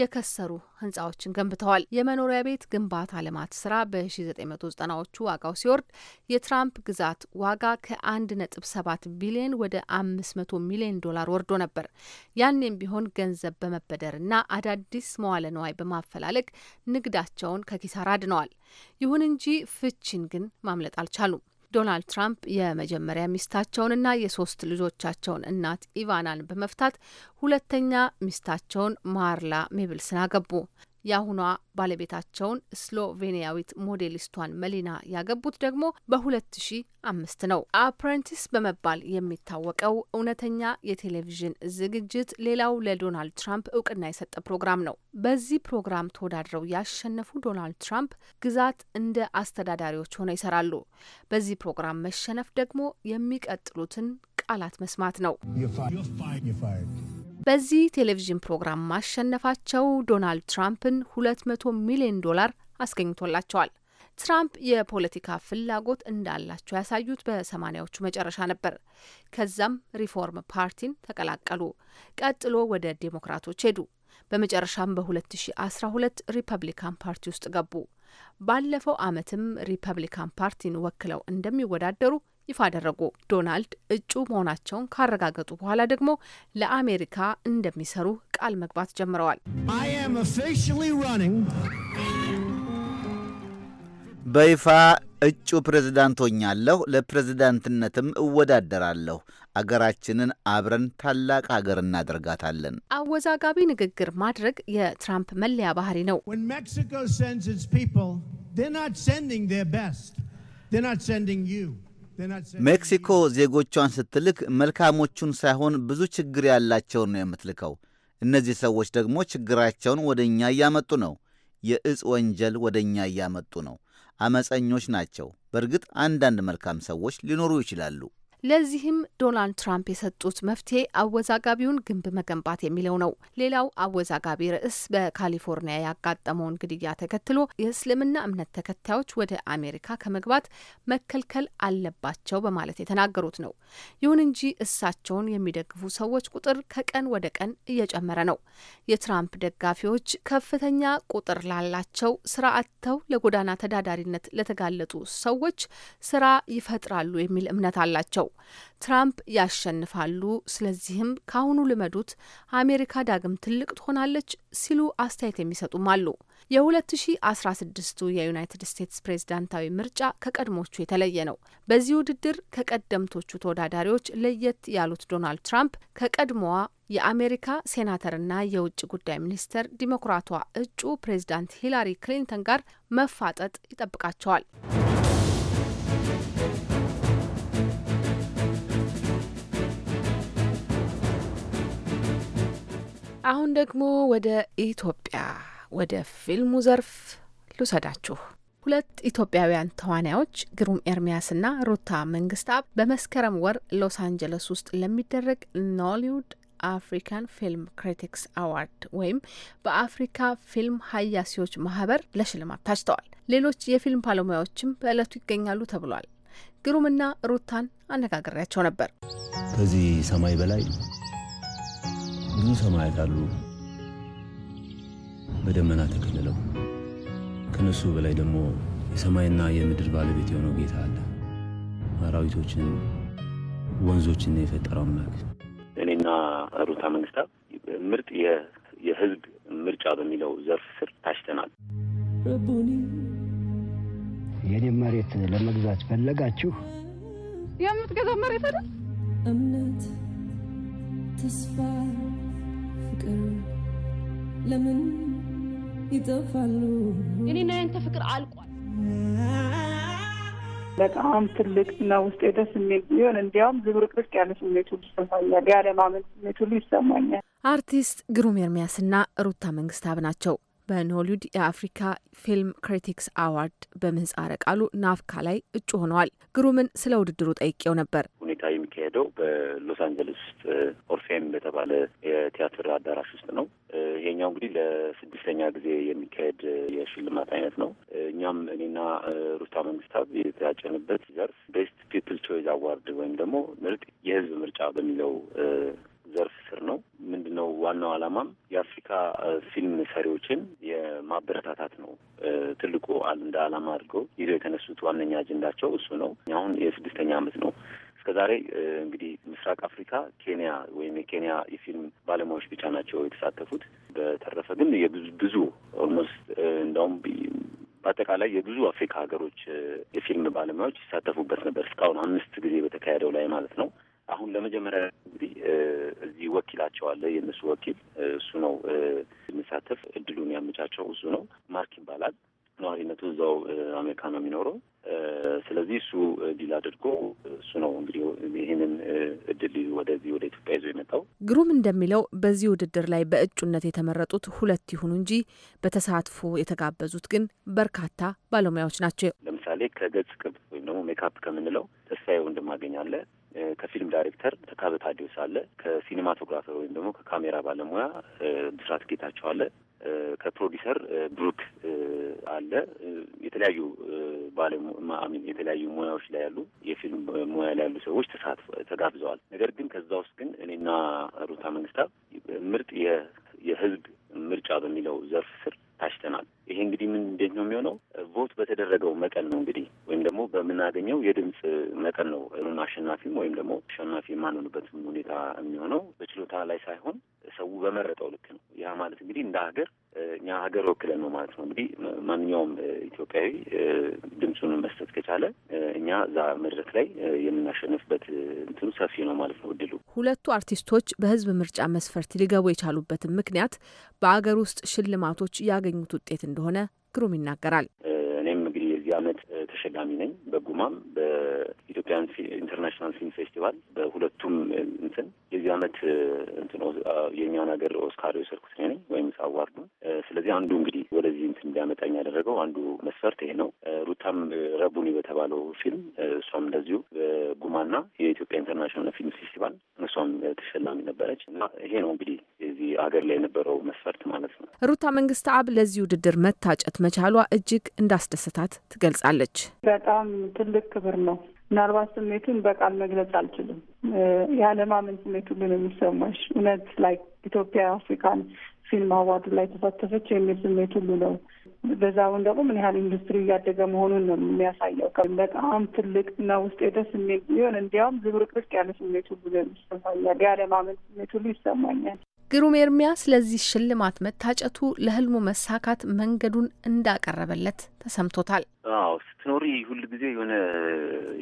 የከሰሩ ህንጻዎችን ገንብተዋል። የመኖሪያ ቤት ግንባታ ልማት ስራ በ1990ዎቹ ዋጋው ሲወርድ የትራምፕ ግዛት ዋጋ ከ1.7 ቢሊዮን ወደ 500 ሚሊዮን ዶላር ወርዶ ነበር። ያኔም ቢሆን ገንዘብ በመበደርና አዳዲስ መዋለ ነዋይ በማፈላለግ ንግዳቸውን ከኪሳራ አድነዋል። ይሁን እንጂ ፍቺን ግን ማምለጥ አልቻሉም። ዶናልድ ትራምፕ የመጀመሪያ ሚስታቸውንና የሶስት ልጆቻቸውን እናት ኢቫናን በመፍታት ሁለተኛ ሚስታቸውን ማርላ ሜብልስን አገቡ። የአሁኗ ባለቤታቸውን ስሎቬኒያዊት ሞዴሊስቷን መሊና ያገቡት ደግሞ በ 2005 ነው። አፕሬንቲስ በመባል የሚታወቀው እውነተኛ የቴሌቪዥን ዝግጅት ሌላው ለዶናልድ ትራምፕ እውቅና የሰጠ ፕሮግራም ነው። በዚህ ፕሮግራም ተወዳድረው ያሸነፉ ዶናልድ ትራምፕ ግዛት እንደ አስተዳዳሪዎች ሆነው ይሰራሉ። በዚህ ፕሮግራም መሸነፍ ደግሞ የሚቀጥሉትን ቃላት መስማት ነው። በዚህ ቴሌቪዥን ፕሮግራም ማሸነፋቸው ዶናልድ ትራምፕን ሁለት መቶ ሚሊዮን ዶላር አስገኝቶላቸዋል። ትራምፕ የፖለቲካ ፍላጎት እንዳላቸው ያሳዩት በሰማኒያዎቹ መጨረሻ ነበር። ከዛም ሪፎርም ፓርቲን ተቀላቀሉ። ቀጥሎ ወደ ዴሞክራቶች ሄዱ። በመጨረሻም በ2012 ሪፐብሊካን ፓርቲ ውስጥ ገቡ። ባለፈው ዓመትም ሪፐብሊካን ፓርቲን ወክለው እንደሚወዳደሩ ይፋ አደረጉ። ዶናልድ እጩ መሆናቸውን ካረጋገጡ በኋላ ደግሞ ለአሜሪካ እንደሚሰሩ ቃል መግባት ጀምረዋል። በይፋ እጩ ፕሬዝዳንት ሆኛለሁ። ለፕሬዝዳንትነትም እወዳደራለሁ። አገራችንን አብረን ታላቅ ሀገር እናደርጋታለን። አወዛጋቢ ንግግር ማድረግ የትራምፕ መለያ ባህሪ ነው። ሜክሲኮ ዜጎቿን ስትልክ መልካሞቹን ሳይሆን ብዙ ችግር ያላቸውን ነው የምትልከው። እነዚህ ሰዎች ደግሞ ችግራቸውን ወደ እኛ እያመጡ ነው። የእጽ ወንጀል ወደ እኛ እያመጡ ነው። አመፀኞች ናቸው። በእርግጥ አንዳንድ መልካም ሰዎች ሊኖሩ ይችላሉ። ለዚህም ዶናልድ ትራምፕ የሰጡት መፍትሄ አወዛጋቢውን ግንብ መገንባት የሚለው ነው። ሌላው አወዛጋቢ ርዕስ በካሊፎርኒያ ያጋጠመውን ግድያ ተከትሎ የእስልምና እምነት ተከታዮች ወደ አሜሪካ ከመግባት መከልከል አለባቸው በማለት የተናገሩት ነው። ይሁን እንጂ እሳቸውን የሚደግፉ ሰዎች ቁጥር ከቀን ወደ ቀን እየጨመረ ነው። የትራምፕ ደጋፊዎች ከፍተኛ ቁጥር ላላቸው ስራ አጥተው ለጎዳና ተዳዳሪነት ለተጋለጡ ሰዎች ስራ ይፈጥራሉ የሚል እምነት አላቸው። ትራምፕ ያሸንፋሉ፣ ስለዚህም ካሁኑ ልመዱት፣ አሜሪካ ዳግም ትልቅ ትሆናለች ሲሉ አስተያየት የሚሰጡም አሉ። የ2016ቱ የዩናይትድ ስቴትስ ፕሬዝዳንታዊ ምርጫ ከቀድሞቹ የተለየ ነው። በዚህ ውድድር ከቀደምቶቹ ተወዳዳሪዎች ለየት ያሉት ዶናልድ ትራምፕ ከቀድሞዋ የአሜሪካ ሴናተርና የውጭ ጉዳይ ሚኒስተር ዲሞክራቷ እጩ ፕሬዝዳንት ሂላሪ ክሊንተን ጋር መፋጠጥ ይጠብቃቸዋል። አሁን ደግሞ ወደ ኢትዮጵያ ወደ ፊልሙ ዘርፍ ልውሰዳችሁ። ሁለት ኢትዮጵያውያን ተዋናዮች ግሩም ኤርሚያስና ሩታ መንግስታብ በመስከረም ወር ሎስ አንጀለስ ውስጥ ለሚደረግ ኖሊውድ አፍሪካን ፊልም ክሪቲክስ አዋርድ ወይም በአፍሪካ ፊልም ሀያሲዎች ማህበር ለሽልማት ታጭተዋል። ሌሎች የፊልም ባለሙያዎችም በዕለቱ ይገኛሉ ተብሏል። ግሩምና ሩታን አነጋግሬያቸው ነበር። ከዚህ ሰማይ በላይ ብዙ ሰማያት አሉ በደመና ተከልለው። ከነሱ በላይ ደግሞ የሰማይና የምድር ባለቤት የሆነው ጌታ አለ። አራዊቶችን፣ ወንዞችን የፈጠረው አምላክ። እኔና ሩታ መንግስታት ምርጥ የህዝብ ምርጫ በሚለው ዘርፍ ስር ታሽተናል ረቡኒ የኔ መሬት ለመግዛት ፈለጋችሁ የምትገዛው መሬት አይደል እምነት ተስፋ ፍቅር ለምን ይጠፋሉ? እኔና ያንተ ፍቅር አልቋል። በጣም ትልቅ እና ውስጤ ደስ የሚል ቢሆን እንዲያውም ዝብርቅርቅ ያለ ስሜት ሁሉ ይሰማኛል። ያለማመን ስሜት ሁሉ ይሰማኛል። አርቲስት ግሩም ኤርሚያስና ሩታ መንግስትአብ ናቸው በኖሊውድ የአፍሪካ ፊልም ክሪቲክስ አዋርድ በምህጻረ ቃሉ ናፍካ ላይ እጩ ሆነዋል። ግሩምን ስለ ውድድሩ ጠይቄው ነበር። የተካሄደው በሎስ አንጀለስ ውስጥ ኦርፌም በተባለ የቲያትር አዳራሽ ውስጥ ነው። ይሄኛው እንግዲህ ለስድስተኛ ጊዜ የሚካሄድ የሽልማት አይነት ነው። እኛም እኔና ሩታ መንግስታት የተያጨንበት ዘርፍ ቤስት ፒፕል ቾይዝ አዋርድ ወይም ደግሞ ምርጥ የህዝብ ምርጫ በሚለው ዘርፍ ስር ነው። ምንድነው ዋናው አላማም የአፍሪካ ፊልም ሰሪዎችን የማበረታታት ነው። ትልቁ እንደ አላማ አድርገው ይዘው የተነሱት ዋነኛ አጀንዳቸው እሱ ነው። አሁን የስድስተኛ አመት ነው እስከዛሬ እንግዲህ ምስራቅ አፍሪካ ኬንያ ወይም የኬንያ የፊልም ባለሙያዎች ብቻ ናቸው የተሳተፉት። በተረፈ ግን የብዙ ብዙ ኦልሞስት እንደውም በአጠቃላይ የብዙ አፍሪካ ሀገሮች የፊልም ባለሙያዎች ይሳተፉበት ነበር እስካሁን አምስት ጊዜ በተካሄደው ላይ ማለት ነው። አሁን ለመጀመሪያ እንግዲህ እዚህ ወኪላቸዋለ የእነሱ ወኪል እሱ ነው የሚሳተፍ እድሉን ያመቻቸው እሱ ነው። ማርክ ይባላል። ነዋሪነቱ እዛው አሜሪካ ነው የሚኖረው። ስለዚህ እሱ ዲል አድርጎ እሱ ነው እንግዲህ ይህንን እድል ወደዚህ ወደ ኢትዮጵያ ይዞ የመጣው። ግሩም እንደሚለው በዚህ ውድድር ላይ በእጩነት የተመረጡት ሁለት ይሁኑ እንጂ በተሳትፎ የተጋበዙት ግን በርካታ ባለሙያዎች ናቸው። ለምሳሌ ከገጽ ቅብ ወይም ደግሞ ሜካፕ ከምንለው ተስፋዬ ወንድማገኝ አለ። ከፊልም ዳይሬክተር ተካበት አዲዮስ አለ። ከሲኒማቶግራፈር ወይም ደግሞ ከካሜራ ባለሙያ ብስራት ጌታቸው አለ። ከፕሮዲሰር ብሩክ አለ የተለያዩ ባለሙያ የተለያዩ ሙያዎች ላይ ያሉ የፊልም ሙያ ላይ ያሉ ሰዎች ተጋብዘዋል። ነገር ግን ከዛ ውስጥ ግን እኔና ሩታ መንግስታ ምርጥ የህዝብ ምርጫ በሚለው ዘርፍ ስር ታጭተናል። ይሄ እንግዲህ ምን እንዴት ነው የሚሆነው? ቮት በተደረገው መጠን ነው እንግዲህ ወይም ደግሞ በምናገኘው የድምፅ መጠን ነው ኑን አሸናፊም ወይም ደግሞ አሸናፊ የማንሆንበትም ሁኔታ የሚሆነው በችሎታ ላይ ሳይሆን ሰው በመረጠው ልክ ነው። ያ ማለት እንግዲህ እንደ ሀገር እኛ ሀገር ወክለን ነው ማለት ነው። እንግዲህ ማንኛውም ኢትዮጵያዊ ድምፁን መስጠት ከቻለ እኛ እዛ መድረክ ላይ የምናሸንፍበት እንትኑ ሰፊ ነው ማለት ነው እድሉ። ሁለቱ አርቲስቶች በህዝብ ምርጫ መስፈርት ሊገቡ የቻሉበትን ምክንያት በአገር ውስጥ ሽልማቶች ያገኙት ውጤት እንደሆነ ግሩም ይናገራል። እኔም እንግዲህ የዚህ አመት ተሸላሚ ነኝ። በጉማም በኢትዮጵያን ኢንተርናሽናል ፊልም ፌስቲቫል በሁለቱም እንትን የዚህ አመት እንትን የእኛን ሀገር ኦስካር የወሰድኩት ነኝ ወይም አዋርዱ። ስለዚህ አንዱ እንግዲህ ወደዚህ እንትን እንዲያመጣኝ ያደረገው አንዱ መስፈርት ይሄ ነው። ሩታም ረቡኒ በተባለው ፊልም እሷም እንደዚሁ በጉማና የኢትዮጵያ ኢንተርናሽናል ፊልም ፌስቲቫል እሷም ተሸላሚ ነበረች እና ይሄ ነው እንግዲህ እዚህ ሀገር ላይ የነበረው መስፈርት ማለት ነው። ሩታ መንግስት አብ ለዚህ ውድድር መታጨት መቻሏ እጅግ እንዳስደሰታት ትገልጻለች። በጣም ትልቅ ክብር ነው። ምናልባት ስሜቱን በቃል መግለጽ አልችልም። የአለማመን ስሜት ሁሉ ነው የሚሰማሽ። እውነት ላይ ኢትዮጵያ አፍሪካን ፊልም አዋርዱ ላይ ተሳተፈች የሚል ስሜት ሁሉ ነው። በዛውን ደግሞ ምን ያህል ኢንዱስትሪ እያደገ መሆኑን ነው የሚያሳየው። በጣም ትልቅ እና ውስጥ የደ ስሜት ቢሆን እንዲያውም ዝብርቅርቅ ያለ ስሜት ሁሉ ነው ይሰማኛል። የአለማመን ስሜት ሁሉ ይሰማኛል። ግሩም ኤርሚያ ስለዚህ ሽልማት መታጨቱ ለህልሙ መሳካት መንገዱን እንዳቀረበለት ተሰምቶታል። አዎ ስትኖሪ ሁል ጊዜ የሆነ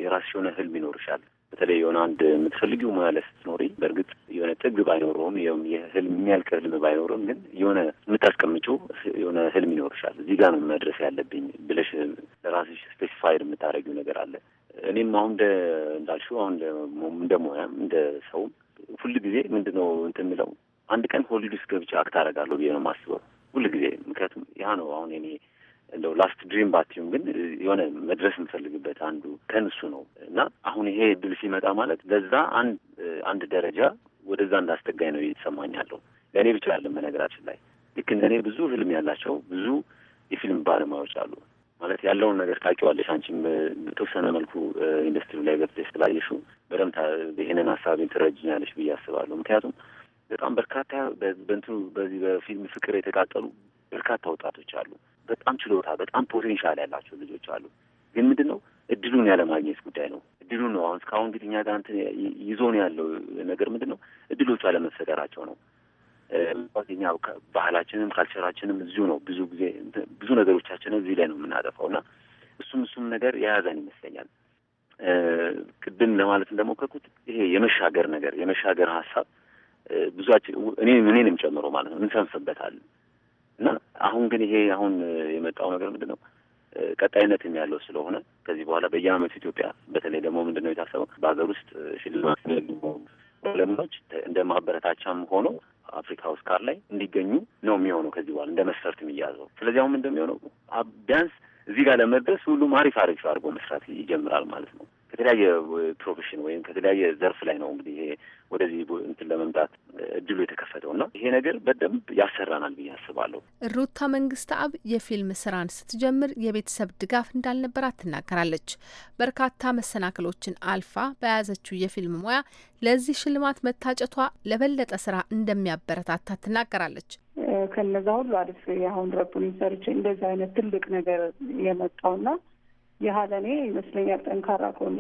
የራስሽ የሆነ ህልም ይኖርሻል። በተለይ የሆነ አንድ የምትፈልጊው ሙያ ላይ ስትኖሪ፣ በእርግጥ የሆነ ጥግ ባይኖረውም ም የህልም የሚያልቅ ህልም ባይኖርም ግን የሆነ የምታስቀምጪው የሆነ ህልም ይኖርሻል። እዚህ ጋር ነው መድረስ ያለብኝ ብለሽ ለራስሽ ስፔሲፋይድ የምታደርጊው ነገር አለ። እኔም አሁን እንደ እንዳልሽው አሁን እንደ ሙያም እንደ ሰውም ሁል ጊዜ ምንድነው ነው እንትን የምለው አንድ ቀን ሆሊውድ ገብቼ አክት አደርጋለሁ ብዬ ነው የማስበው ሁል ጊዜ። ምክንያቱም ያ ነው አሁን እኔ እንደው ላስት ድሪም ባትዩም ግን የሆነ መድረስ የምፈልግበት አንዱ ከንሱ ነው እና አሁን ይሄ ድል ሲመጣ ማለት ለዛ አንድ አንድ ደረጃ ወደዛ እንዳስጠጋኝ ነው እየተሰማኝ ያለው። ለእኔ ብቻ ያለን በነገራችን ላይ ልክ እንደ እኔ ብዙ ህልም ያላቸው ብዙ የፊልም ባለሙያዎች አሉ። ማለት ያለውን ነገር ታውቂዋለሽ አንቺም በተወሰነ መልኩ ኢንዱስትሪ ላይ በተለይ ስላየሽው በደምብ ይህንን ሀሳብ ትረጅኛለሽ ብዬ አስባለሁ። ምክንያቱም በጣም በርካታ በእንትኑ በዚህ በፊልም ፍቅር የተቃጠሉ በርካታ ወጣቶች አሉ። በጣም ችሎታ፣ በጣም ፖቴንሻል ያላቸው ልጆች አሉ። ግን ምንድን ነው እድሉን ያለማግኘት ጉዳይ ነው። እድሉን ነው አሁን እስካሁን እንግዲህ እኛ ጋር እንትን ይዞን ያለው ነገር ምንድን ነው እድሎቹ አለመፈጠራቸው ነው። ኛ ባህላችንም ካልቸራችንም እዚሁ ነው። ብዙ ጊዜ ብዙ ነገሮቻችን እዚህ ላይ ነው የምናጠፋው እና እሱም እሱም ነገር የያዘን ይመስለኛል። ቅድም ለማለት እንደሞከርኩት ይሄ የመሻገር ነገር የመሻገር ሀሳብ ብዙችን እኔ እኔንም ጨምሮ ማለት ነው እንሰንፍበታለን እና አሁን ግን ይሄ አሁን የመጣው ነገር ምንድን ነው ቀጣይነትም ያለው ስለሆነ ከዚህ በኋላ በየአመቱ ኢትዮጵያ በተለይ ደግሞ ምንድን ነው የታሰበው በሀገር ውስጥ ሽልማት ባለሙያዎች እንደ ማበረታቻም ሆነው አፍሪካ ውስጥ ካር ላይ እንዲገኙ ነው የሚሆነው ከዚህ በኋላ እንደ መስፈርት የሚያዘው። ስለዚህ አሁን ምንድን ነው የሚሆነው ቢያንስ እዚህ ጋር ለመድረስ ሁሉም አሪፍ አሪፍ አድርጎ መስራት ይጀምራል ማለት ነው። ከተለያየ ፕሮፌሽን ወይም ከተለያየ ዘርፍ ላይ ነው እንግዲህ ይሄ ወደዚህ እንትን ለመምጣት እድሉ የተከፈተው እና ይሄ ነገር በደንብ ያሰራናል ብዬ አስባለሁ። ሩታ መንግስት አብ የፊልም ስራን ስትጀምር የቤተሰብ ድጋፍ እንዳልነበራት ትናገራለች። በርካታ መሰናክሎችን አልፋ በያዘችው የፊልም ሙያ ለዚህ ሽልማት መታጨቷ ለበለጠ ስራ እንደሚያበረታታት ትናገራለች። ከነዛ ሁሉ አሪፍ የአሁን ረቡን ሰርች እንደዚህ አይነት ትልቅ ነገር የመጣውና ያህለኔ ይመስለኛል ጠንካራ ጎኔ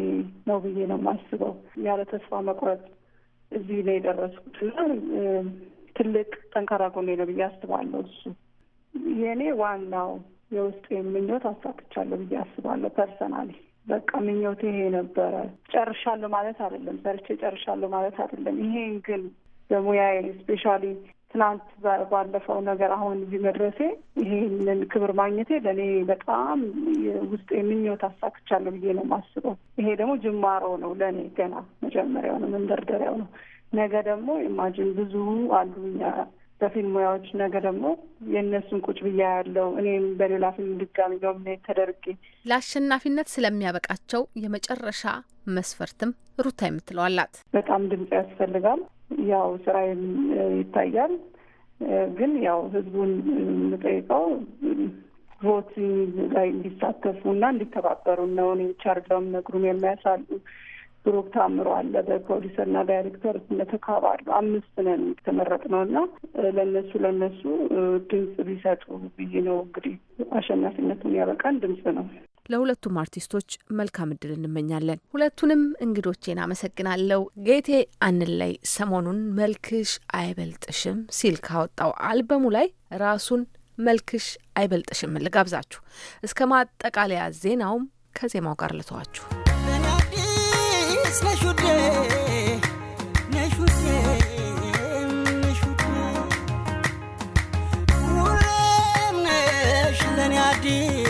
ነው ብዬ ነው የማስበው። ያለ ተስፋ መቁረጥ እዚህ ላይ የደረስኩት እና ትልቅ ጠንካራ ጎኔ ነው ብዬ አስባለሁ። እሱ የእኔ ዋናው የውስጥ የምኞት አሳክቻለሁ ብዬ አስባለሁ። ፐርሰናሊ በቃ ምኞት ይሄ ነበረ። ጨርሻለሁ ማለት አይደለም፣ ሰርቼ ጨርሻለሁ ማለት አይደለም። ይሄን ግን በሙያዬ ስፔሻሊ ትናንት ባለፈው ነገር አሁን እዚህ መድረሴ ይሄንን ክብር ማግኘቴ ለእኔ በጣም ውስጥ የምኞት አሳክቻለሁ ብዬ ነው የማስበው። ይሄ ደግሞ ጅማሮ ነው ለእኔ ገና መጀመሪያው ነው፣ መንደርደሪያው ነው። ነገ ደግሞ ኢማጅን ብዙ አሉ እኛ በፊልም ሙያዎች ነገ ደግሞ የእነሱን ቁጭ ብያ ያለው እኔም በሌላ ፊልም ድጋሚ ኖሚኔት ተደርጌ ለአሸናፊነት ስለሚያበቃቸው የመጨረሻ መስፈርትም ሩታ የምትለው አላት። በጣም ድምጽ ያስፈልጋል። ያው ስራዬም ይታያል። ግን ያው ህዝቡን የምጠይቀው ቮት ላይ እንዲሳተፉ እና እንዲተባበሩ ነው። እኔ ብቻ አይደለሁም የሚያሳሉ ብሩክ ታምሮ አለ በፕሮዲሰር እና ዳይሬክተር ስነተካባሉ አምስት ነን ነው እና ለእነሱ ለእነሱ ድምፅ ቢሰጡ ብዬ ነው እንግዲህ አሸናፊነቱን ያበቃን ድምፅ ነው። ለሁለቱም አርቲስቶች መልካም እድል እንመኛለን። ሁለቱንም እንግዶቼን አመሰግናለሁ። ጌቴ አንለይ ሰሞኑን መልክሽ አይበልጥሽም ሲል ካወጣው አልበሙ ላይ ራሱን መልክሽ አይበልጥሽም ልጋብዛችሁ። እስከ ማጠቃለያ ዜናውም ከዜማው ጋር ልተዋችሁ። Dear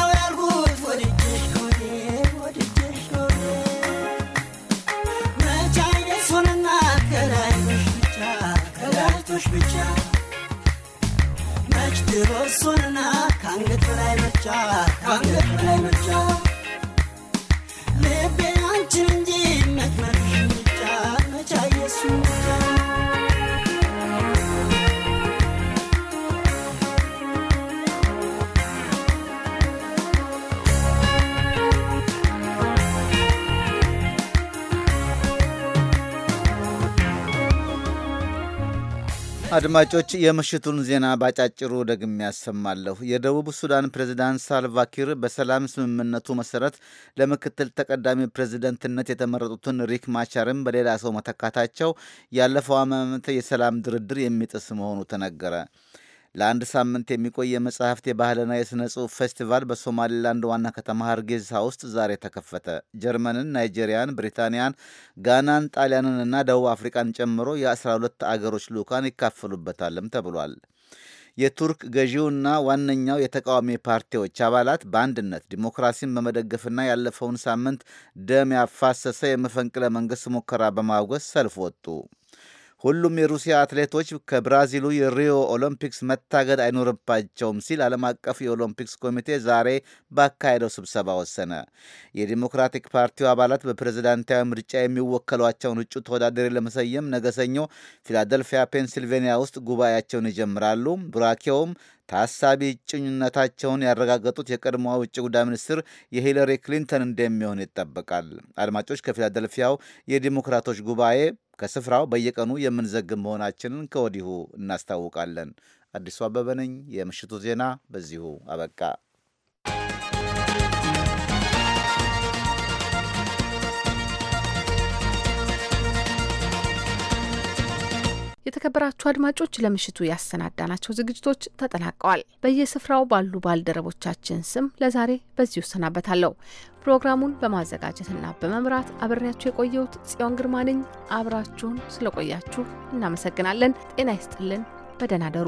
ላንተሽ ብቻ መች ድሮሱንና ከአንገት በላይ ምርጫ ከአንገት በላይ ምርጫ ልቤ አንቺን እንጂ መክመርሽ ምርጫ መቻየሱ አድማጮች የምሽቱን ዜና ባጫጭሩ ደግሜ ያሰማለሁ። የደቡብ ሱዳን ፕሬዝዳንት ሳልቫኪር በሰላም ስምምነቱ መሰረት ለምክትል ተቀዳሚ ፕሬዝደንትነት የተመረጡትን ሪክ ማቻርን በሌላ ሰው መተካታቸው ያለፈው ዓመት የሰላም ድርድር የሚጥስ መሆኑ ተነገረ። ለአንድ ሳምንት የሚቆይ የመጽሐፍት የባህልና የሥነ ጽሑፍ ፌስቲቫል በሶማሌላንድ ዋና ከተማ ሀርጌሳ ውስጥ ዛሬ ተከፈተ። ጀርመንን፣ ናይጄሪያን፣ ብሪታንያን፣ ጋናን፣ ጣሊያንንና ደቡብ አፍሪቃን ጨምሮ የ12 አገሮች ልዑካን ይካፈሉበታልም ተብሏል። የቱርክ ገዢውና ዋነኛው የተቃዋሚ ፓርቲዎች አባላት በአንድነት ዲሞክራሲን በመደገፍና ያለፈውን ሳምንት ደም ያፋሰሰ የመፈንቅለ መንግሥት ሙከራ በማውገዝ ሰልፍ ወጡ። ሁሉም የሩሲያ አትሌቶች ከብራዚሉ የሪዮ ኦሎምፒክስ መታገድ አይኖርባቸውም ሲል ዓለም አቀፍ የኦሎምፒክስ ኮሚቴ ዛሬ ባካሄደው ስብሰባ ወሰነ። የዲሞክራቲክ ፓርቲው አባላት በፕሬዝዳንታዊ ምርጫ የሚወከሏቸውን እጩ ተወዳዳሪ ለመሰየም ነገ ሰኞ ፊላደልፊያ ፔንሲልቬኒያ ውስጥ ጉባኤያቸውን ይጀምራሉ። ቡራኬውም ታሳቢ እጩነታቸውን ያረጋገጡት የቀድሞዋ ውጭ ጉዳይ ሚኒስትር የሂለሪ ክሊንተን እንደሚሆን ይጠበቃል። አድማጮች፣ ከፊላደልፊያው የዲሞክራቶች ጉባኤ ከስፍራው በየቀኑ የምንዘግብ መሆናችንን ከወዲሁ እናስታውቃለን። አዲሱ አበበ ነኝ። የምሽቱ ዜና በዚሁ አበቃ። የተከበራችሁ አድማጮች ለምሽቱ ያሰናዳናቸው ዝግጅቶች ተጠናቀዋል። በየስፍራው ባሉ ባልደረቦቻችን ስም ለዛሬ በዚሁ እሰናበታለሁ። ፕሮግራሙን በማዘጋጀትና በመምራት አብሬያችሁ የቆየሁት ጽዮን ግርማ ነኝ። አብራችሁን ስለቆያችሁ እናመሰግናለን። ጤና ይስጥልን። በደህና ደሩ።